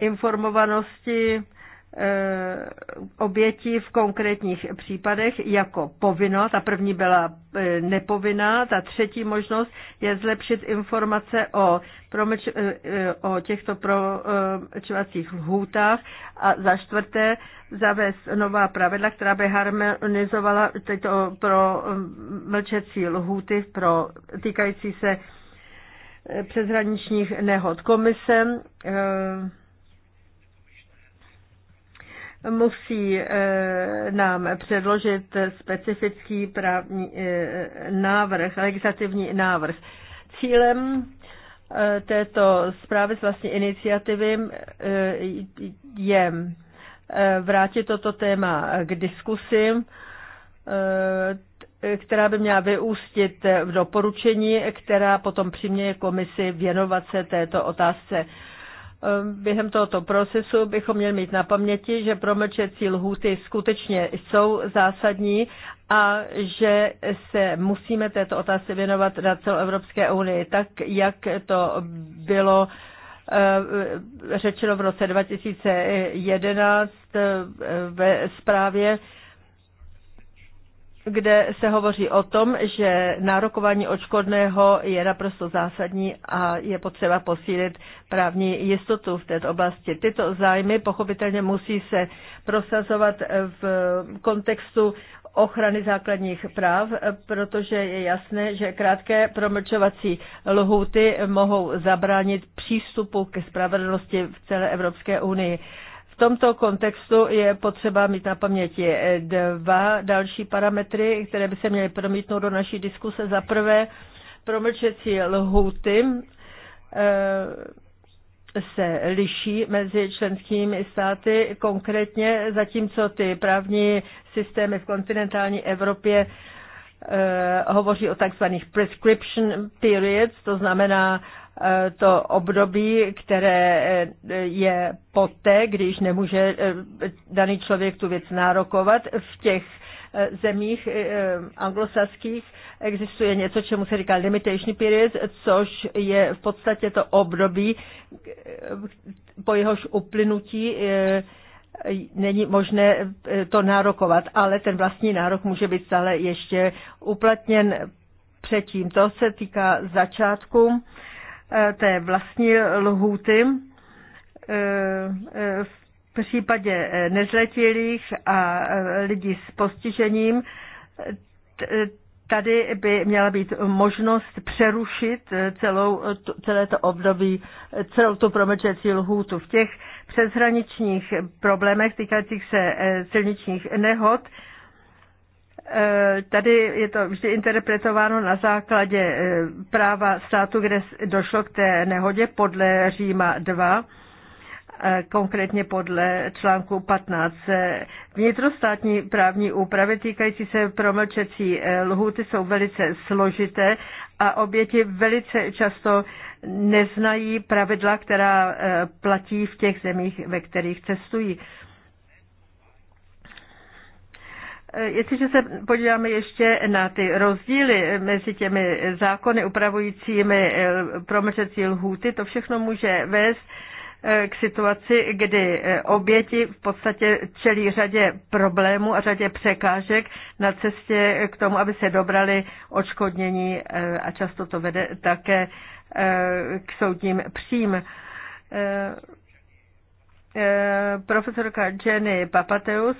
informovanosti Eh, oběti v konkrétních případech jako povinno. Ta první byla eh, nepovinná, ta třetí možnost je zlepšit informace o, promlč, eh, o těchto promlčovacích lhůtách a za čtvrté zavést nová pravidla, která by harmonizovala tyto promlčecí lhůty pro týkající se přeshraničních nehod. Komise musí eh, nám předložit specifický právní eh, návrh, legislativní návrh. Cílem eh, této zprávy z vlastní iniciativy je vrátit toto téma k diskusi, která by měla vyústit v doporučení, která potom přiměje komisi věnovat se této otázce. Ehm, během tohoto procesu bychom měli mít na paměti, že promlčecí lhůty skutečně jsou zásadní a že se musíme této otázce věnovat na celoevropské unii, tak jak to bylo ehm, řečeno v roce 2011 ehm, ve zprávě kde se hovoří o tom, že nárokování očkodného je naprosto zásadní a je potřeba posílit právní jistotu v této oblasti. Tyto zájmy pochopitelně musí se prosazovat v kontextu ochrany základních práv, protože je jasné, že krátké promlčovací lhuty mohou zabránit přístupu ke spravedlnosti v celé Evropské unii. V tomto kontextu je potřeba mít na paměti dva další parametry, které by se měly promítnout do naší diskuse. Za prvé, promlčecí lhuty eh, se liší mezi členskými státy, konkrétně zatímco ty právní systémy v kontinentální Evropě Eh, hovoří o takzvaných prescription periods, to znamená eh, to období, které eh, je poté, když nemůže daný člověk tu věc nárokovat. V těch zemích anglosaských existuje něco, čemu se říká limitation period, což je v podstatě to období, po jehož uplynutí není možné eh, to nárokovat, ale ten vlastní nárok může být stále ještě uplatněn předtím. To se týká začátku eh, té vlastní lhůty. Eh, v případě nezletilých a lidí s postižením Tady by měla být možnost přerušit eh, celou, eh, celé to období, eh, celou tu promlčecí lhůtu. V těch přeshraničních problémech týkajících se silničních nehod Tady je to vždy interpretováno na základě práva státu, kde došlo k té nehodě podle Říma 2. Eh, konkrétně podle článku 15. Eh, vnitrostátní právní úpravy týkající se promlčecí eh, lhuty jsou velice složité a oběti velice často neznají pravidla, která platí v těch zemích, ve kterých cestují. Jestliže se podíváme ještě na ty rozdíly mezi těmi zákony upravujícími promlčecí lhůty, to všechno může vést Eh, k situaci, kdy eh, oběti v podstatě čelí řadě problémů a řadě překážek na cestě k tomu, aby se dobrali očkodnění eh, a často to vede také k soudním přím. Profesorka Jenny Papateus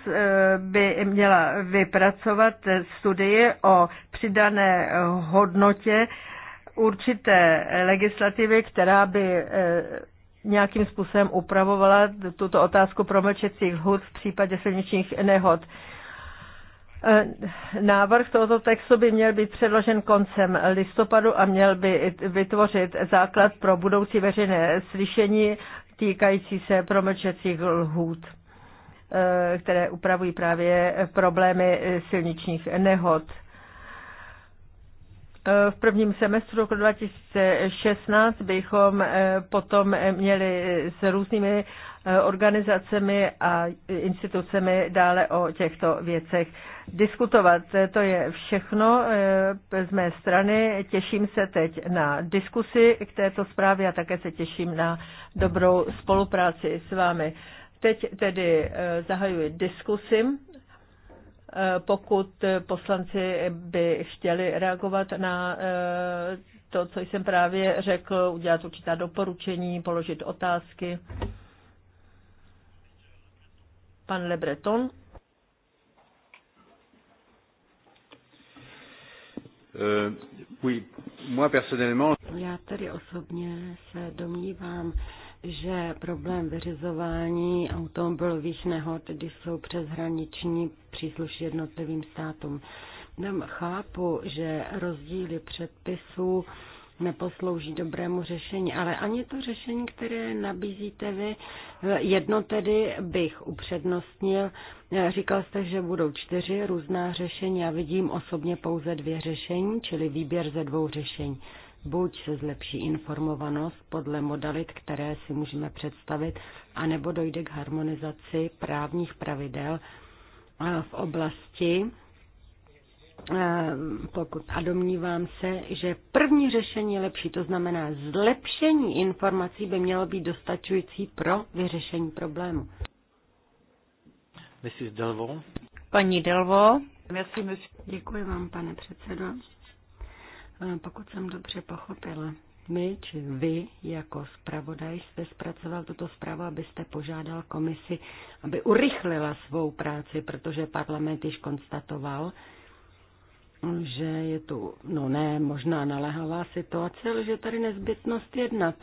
by měla vypracovat studii o přidané hodnotě určité legislativy, která by nějakým způsobem upravovala tuto otázku promlčecích hud v případě silničních nehod. E, návrh tohoto textu by měl být předložen koncem listopadu a měl by vytvořit základ pro budoucí veřejné slyšení týkající se promlčecích lhůt, e, které upravují právě problémy silničních nehod. Eh, v prvním semestru roku 2016 bychom eh, potom eh, měli s různými organizacemi a institucemi dále o těchto věcech diskutovat. To je všechno z mé strany. Těším se teď na diskusi k této zprávě a také se těším na dobrou spolupráci s vámi. Teď tedy zahajuji diskusi pokud poslanci by chtěli reagovat na eh, to, co jsem právě řekl, udělat určitá doporučení, položit otázky. Pan Lebreton. Eh, Já tedy osobně se domnívám, že problém vyřizování automobilových nehod, když jsou přeshraniční, přísluší jednotlivým státům. Chápu, že rozdíly předpisů neposlouží dobrému řešení, ale ani to řešení, které nabízíte vy, jedno tedy bych upřednostnil. Říkal jste, že budou čtyři různá řešení a vidím osobně pouze dvě řešení, čili výběr ze dvou řešení. Buď se zlepší informovanost podle modalit, které si můžeme představit, anebo dojde k harmonizaci právních pravidel v oblasti pokud a domnívám se, že první řešení je lepší, to znamená zlepšení informací by mělo být dostačující pro vyřešení problému. Mrs. Delvo. Paní Delvo. Děkuji vám, pane předsedo. Pokud jsem dobře pochopila, my či vy jako zpravodaj jste zpracoval tuto zprávu, abyste požádal komisi, aby urychlila svou práci, protože parlament již konstatoval, že je tu, no ne, možná naléhavá situace, ale že tady nezbytnost jednat.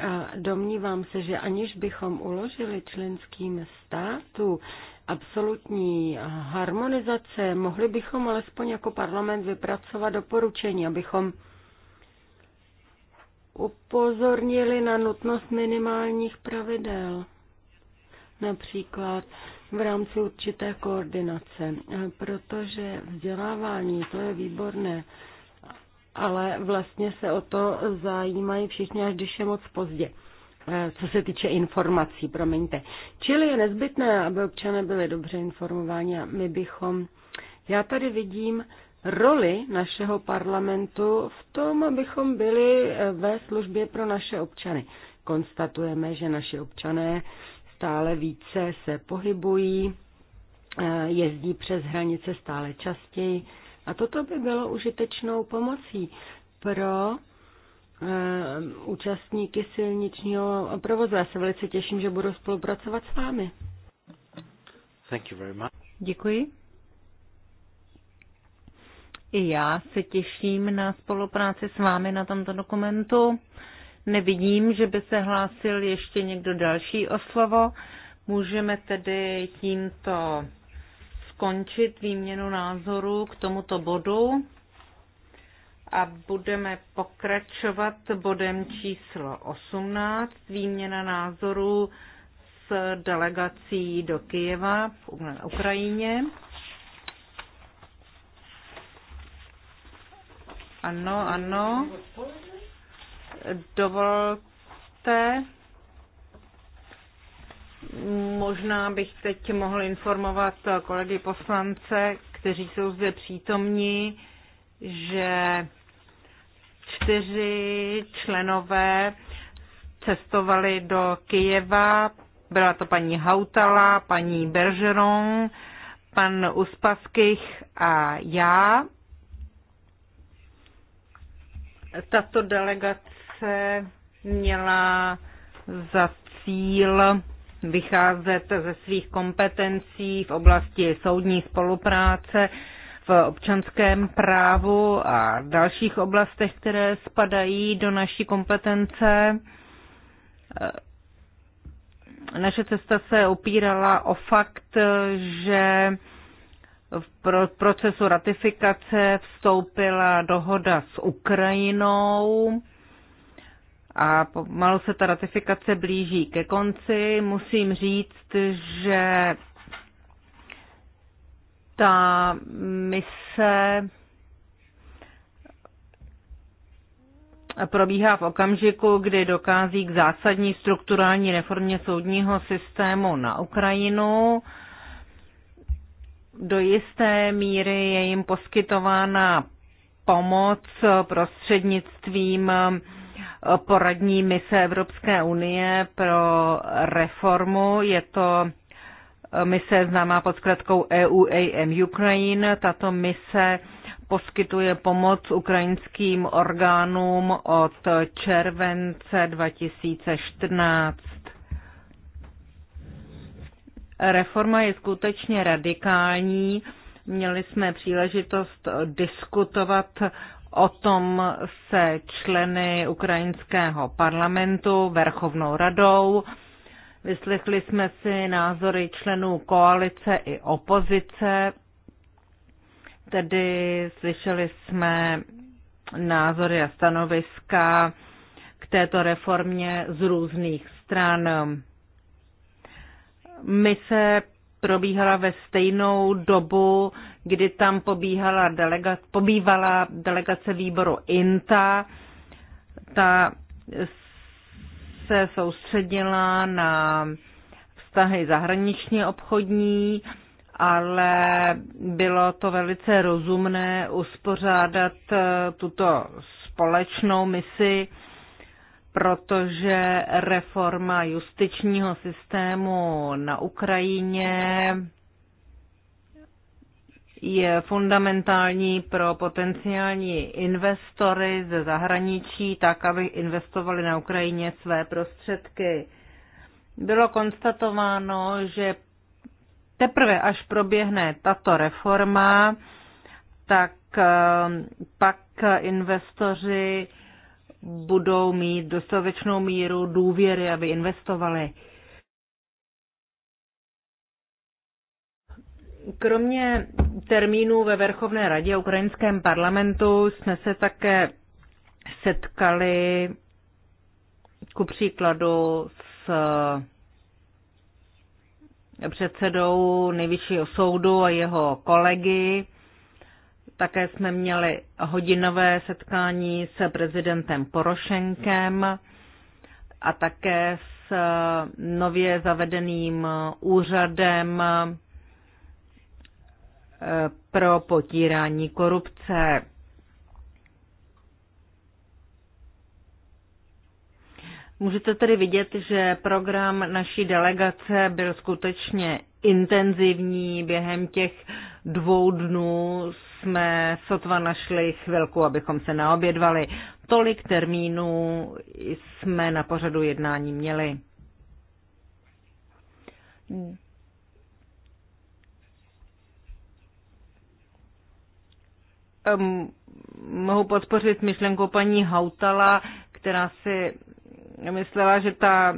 A domnívám se, že aniž bychom uložili členským státu absolutní harmonizace, mohli bychom alespoň jako parlament vypracovat doporučení, abychom upozornili na nutnost minimálních pravidel, například v rámci určité koordinace, protože vzdělávání, to je výborné, ale vlastně se o to zajímají všichni, až když je moc pozdě. Eh, co se týče informací, promiňte. Čili je nezbytné, aby občané byli dobře informováni a my bychom... Já tady vidím roli našeho parlamentu v tom, abychom byli eh, ve službě pro naše občany. Konstatujeme, že naši občané stále více se pohybují, eh, jezdí přes hranice stále častěji a toto by bylo užitečnou pomocí pro Eh, účastníky silničního provozu. Já se velice těším, že budu spolupracovat s vámi. Thank you very much. Děkuji. I já se těším na spolupráci s vámi na tomto dokumentu. Nevidím, že by se hlásil ještě někdo další o slovo. Můžeme tedy tímto skončit výměnu názoru k tomuto bodu a budeme pokračovat bodem číslo 18, výměna názorů s delegací do Kyjeva v Ukrajině. Ano, ano. Dovolte, možná bych teď mohl informovat kolegy poslance, kteří jsou zde přítomní, že čtyři členové cestovali do Kyjeva. Byla to paní Hautala, paní Bergeron, pan Uspaskych a já. Tato delegace měla za cíl vycházet ze svých kompetencí v oblasti soudní spolupráce v občanském právu a dalších oblastech, které spadají do naší kompetence. Naše cesta se opírala o fakt, že v procesu ratifikace vstoupila dohoda s Ukrajinou a pomalu se ta ratifikace blíží ke konci. Musím říct, že ta mise probíhá v okamžiku, kdy dokází k zásadní strukturální reformě soudního systému na Ukrajinu. Do jisté míry je jim poskytována pomoc prostřednictvím poradní mise Evropské unie pro reformu. Je to mise známá pod zkratkou EUAM Ukraine. Tato mise poskytuje pomoc ukrajinským orgánům od července 2014. Reforma je skutečně radikální. Měli jsme příležitost diskutovat o tom se členy ukrajinského parlamentu, Verchovnou radou Vyslechli jsme si názory členů koalice i opozice, tedy slyšeli jsme názory a stanoviska k této reformě z různých stran. Mise probíhala ve stejnou dobu, kdy tam pobíhala delega, pobývala delegace výboru INTA. Ta se soustředila na vztahy zahraničně obchodní, ale bylo to velice rozumné uspořádat eh, tuto společnou misi, protože reforma justičního systému na Ukrajině je fundamentální pro potenciální investory ze zahraničí, tak aby investovali na Ukrajině své prostředky. Bylo konstatováno, že teprve až proběhne tato reforma, tak eh, pak investoři budou mít dostatečnou míru důvěry, aby investovali. Kromě termínů ve Verchovné radě a ukrajinském parlamentu jsme se také setkali ku příkladu s eh, předsedou nejvyššího soudu a jeho kolegy. Také jsme měli hodinové setkání se prezidentem Porošenkem a také s nově zavedeným úřadem pro potírání korupce. Můžete tedy vidět, že program naší delegace byl skutečně intenzivní. Během těch dvou dnů jsme sotva našli chvilku, abychom se naobědvali. Tolik termínů jsme na pořadu jednání měli. mohu podpořit myšlenku paní Hautala, která si myslela, že ta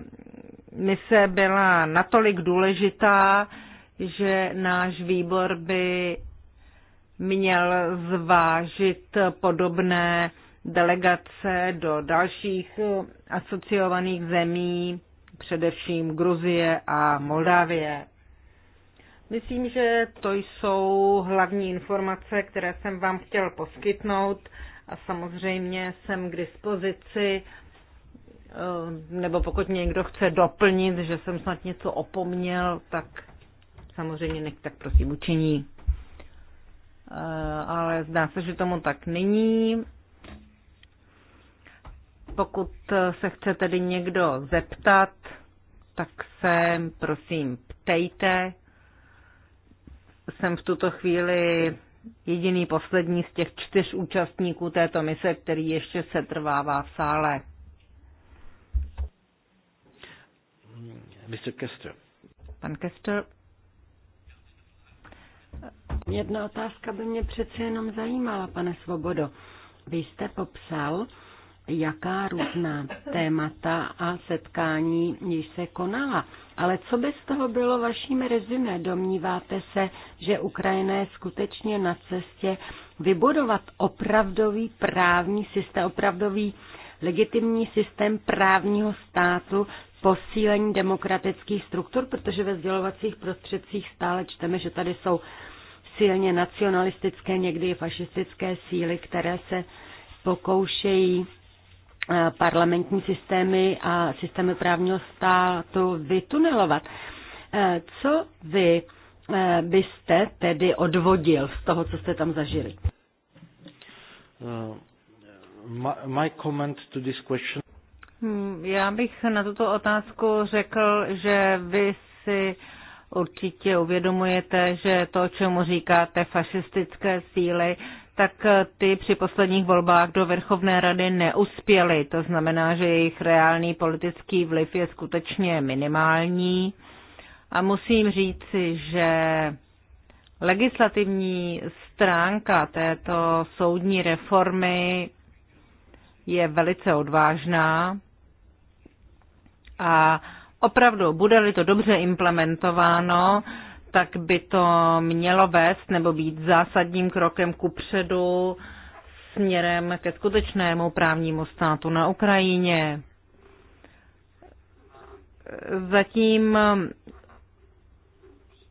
mise byla natolik důležitá, že náš výbor by měl zvážit podobné delegace do dalších asociovaných zemí, především Gruzie a Moldávie. Myslím, že to jsou hlavní informace, které jsem vám chtěl poskytnout a samozřejmě jsem k dispozici, eh, nebo pokud někdo chce doplnit, že jsem snad něco opomněl, tak samozřejmě nech tak prosím učiní. Eh, ale zdá se, že tomu tak není. Pokud eh, se chce tedy někdo zeptat, tak se prosím ptejte jsem v tuto chvíli jediný poslední z těch čtyř účastníků této mise, který ještě se trvává v sále. Mr. Kester. Pan Kester. Jedna otázka by mě přece jenom zajímala, pane Svobodo. Vy jste popsal, jaká různá témata a setkání již se konala. Ale co by z toho bylo vaším rezime? Domníváte se, že Ukrajina je skutečně na cestě vybudovat opravdový právní systém, opravdový legitimní systém právního státu, posílení demokratických struktur, protože ve sdělovacích prostředcích stále čteme, že tady jsou silně nacionalistické, někdy i fašistické síly, které se pokoušejí Eh, parlamentní systémy a systémy právního státu vytunelovat. Eh, co vy eh, byste tedy odvodil z toho, co jste tam zažili? My comment to this question. Hmm, já bych na tuto otázku řekl, že vy si určitě uvědomujete, že to, čemu říkáte fašistické síly, tak eh, ty při posledních volbách do Vrchovné rady neuspěly. To znamená, že jejich reálný politický vliv je skutečně minimální. A musím říci, že legislativní stránka této soudní reformy je velice odvážná a opravdu, bude-li to dobře implementováno, tak by to mělo vést nebo být zásadním krokem ku předu směrem ke skutečnému právnímu státu na Ukrajině. Zatím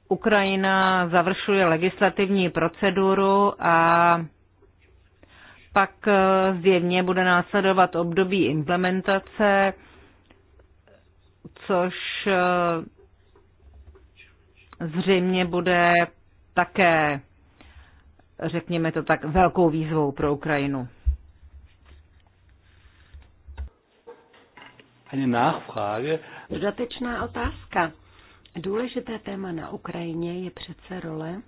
Ukrajina završuje legislativní proceduru a pak zjevně bude následovat období implementace, což zřejmě bude také, řekněme to tak, velkou výzvou pro Ukrajinu. Dodatečná otázka. Důležité téma na Ukrajině je přece role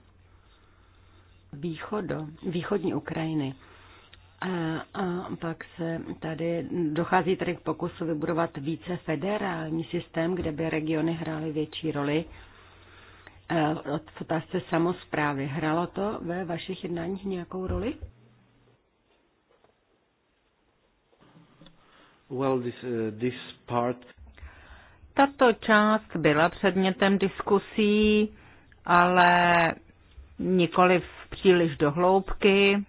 východu, východní Ukrajiny. A, a pak se tady dochází tady k pokusu vybudovat více federální systém, kde by regiony hrály větší roli Eh, v otázce samozprávy. Hralo to ve vašich jednáních nějakou roli? Well, this, uh, this part... Tato část byla předmětem diskusí, ale nikoli příliš dohloubky.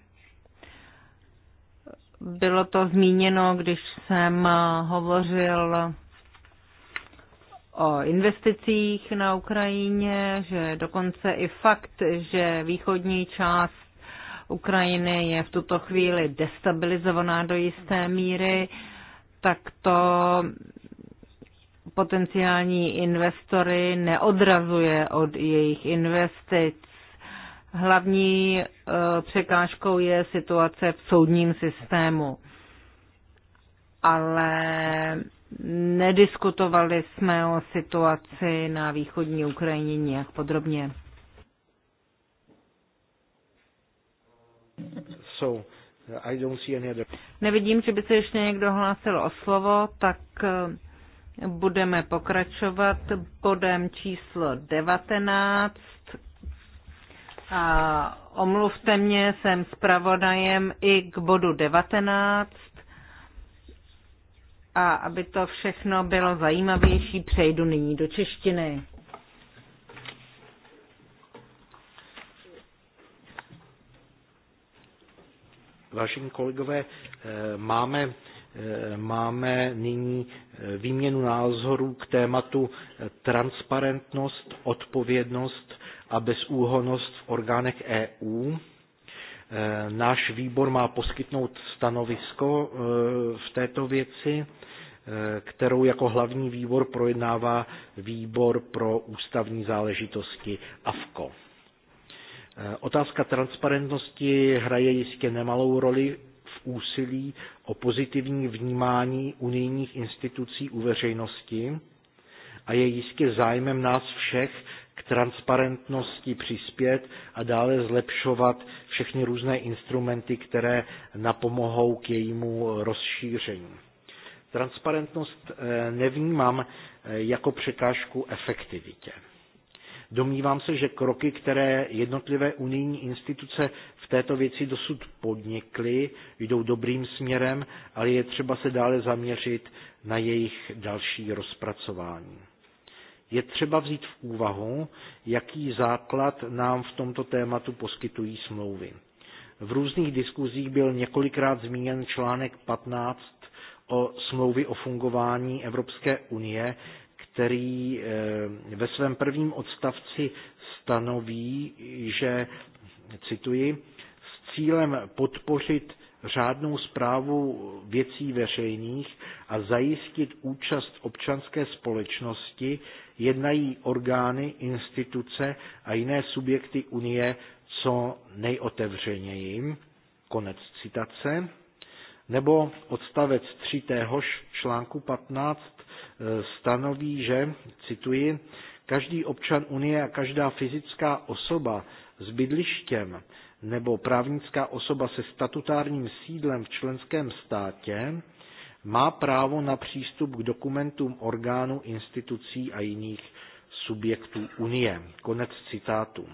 Bylo to zmíněno, když jsem hovořil o investicích na Ukrajině, že dokonce i fakt, že východní část Ukrajiny je v tuto chvíli destabilizovaná do jisté míry, tak to potenciální investory neodrazuje od jejich investic. Hlavní eh, překážkou je situace v soudním systému. Ale Nediskutovali jsme o situaci na východní Ukrajině nějak podrobně. So, I don't see any other... Nevidím, že by se ještě někdo hlásil o slovo, tak eh, budeme pokračovat bodem číslo 19. A omluvte mě, jsem zpravodajem i k bodu 19. A aby to všechno bylo zajímavější, přejdu nyní do češtiny. Vážení kolegové, eh, máme, eh, máme nyní eh, výměnu názorů k tématu transparentnost, odpovědnost a bezúhonost v orgánech EU. Eh, náš výbor má poskytnout stanovisko eh, v této věci, eh, kterou jako hlavní výbor projednává výbor pro ústavní záležitosti AFKO. Otázka transparentnosti hraje jistě nemalou roli v úsilí o pozitivní vnímání unijních institucí u veřejnosti a je jistě zájmem nás všech transparentnosti přispět a dále zlepšovat všechny různé instrumenty, které napomohou k jejímu rozšíření. Transparentnost eh, nevnímám eh, jako překážku efektivitě. Domnívám se, že kroky, které jednotlivé unijní instituce v této věci dosud podnikly, jdou dobrým směrem, ale je třeba se dále zaměřit na jejich další rozpracování je třeba vzít v úvahu, jaký základ nám v tomto tématu poskytují smlouvy. V různých diskuzích byl několikrát zmíněn článek 15 o smlouvy o fungování Evropské unie, který eh, ve svém prvním odstavci stanoví, že, cituji, s cílem podpořit řádnou zprávu věcí veřejných a zajistit účast občanské společnosti, jednají orgány, instituce a jiné subjekty Unie co nejotevřeněji. Konec citace. Nebo odstavec 3. téhož článku 15 e, stanoví, že, cituji, každý občan Unie a každá fyzická osoba s bydlištěm nebo právnická osoba se statutárním sídlem v členském státě má právo na přístup k dokumentům orgánů, institucí a jiných subjektů Unie. Konec citátu.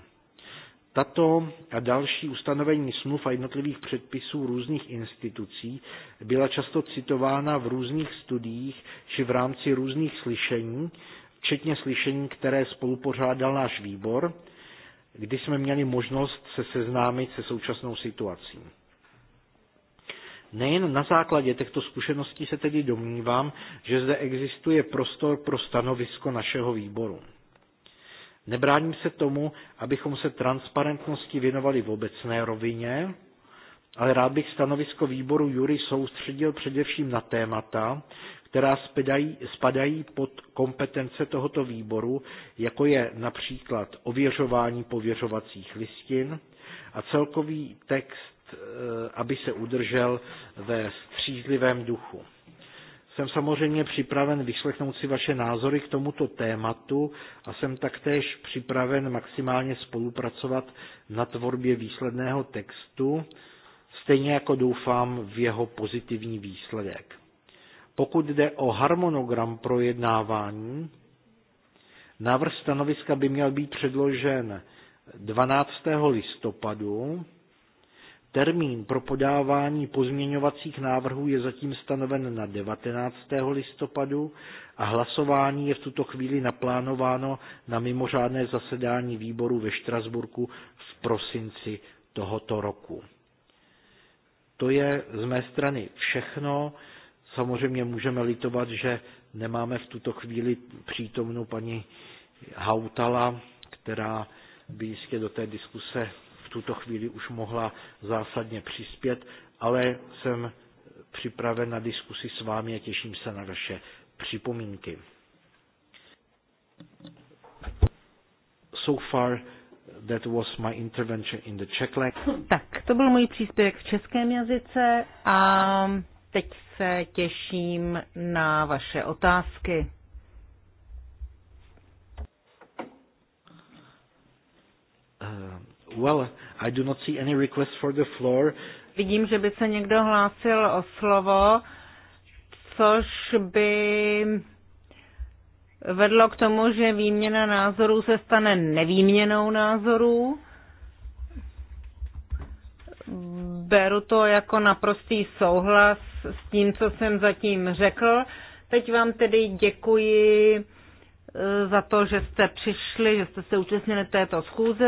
Tato a další ustanovení smluv a jednotlivých předpisů různých institucí byla často citována v různých studiích či v rámci různých slyšení, včetně slyšení, které spolupořádal náš výbor, kdy jsme měli možnost se seznámit se současnou situací. Nejen na základě těchto zkušeností se tedy domnívám, že zde existuje prostor pro stanovisko našeho výboru. Nebráním se tomu, abychom se transparentnosti věnovali v obecné rovině, ale rád bych stanovisko výboru Jury soustředil především na témata, která spadají, spadají pod kompetence tohoto výboru, jako je například ověřování pověřovacích listin a celkový text, eh, aby se udržel ve střízlivém duchu. Jsem samozřejmě připraven vyslechnout si vaše názory k tomuto tématu a jsem taktéž připraven maximálně spolupracovat na tvorbě výsledného textu, stejně jako doufám v jeho pozitivní výsledek. Pokud jde o harmonogram projednávání, návrh stanoviska by měl být předložen 12. listopadu. Termín pro podávání pozměňovacích návrhů je zatím stanoven na 19. listopadu a hlasování je v tuto chvíli naplánováno na mimořádné zasedání výboru ve Štrasburku v prosinci tohoto roku. To je z mé strany všechno. Samozřejmě můžeme litovat, že nemáme v tuto chvíli přítomnou paní Hautala, která by jistě do té diskuse v tuto chvíli už mohla zásadně přispět, ale jsem připraven na diskusi s vámi a těším se na vaše připomínky. So far that was my intervention in the Czech language. Tak, to byl můj příspěvek v českém jazyce a Teď se těším na vaše otázky. Uh, well, I do not see any request for the floor. Vidím, že by se někdo hlásil o slovo, což by vedlo k tomu, že výměna názorů se stane nevýměnou názorů. Beru to jako naprostý souhlas s tím, co jsem zatím řekl. Teď vám tedy děkuji eh, za to, že jste přišli, že jste se účastnili této schůze.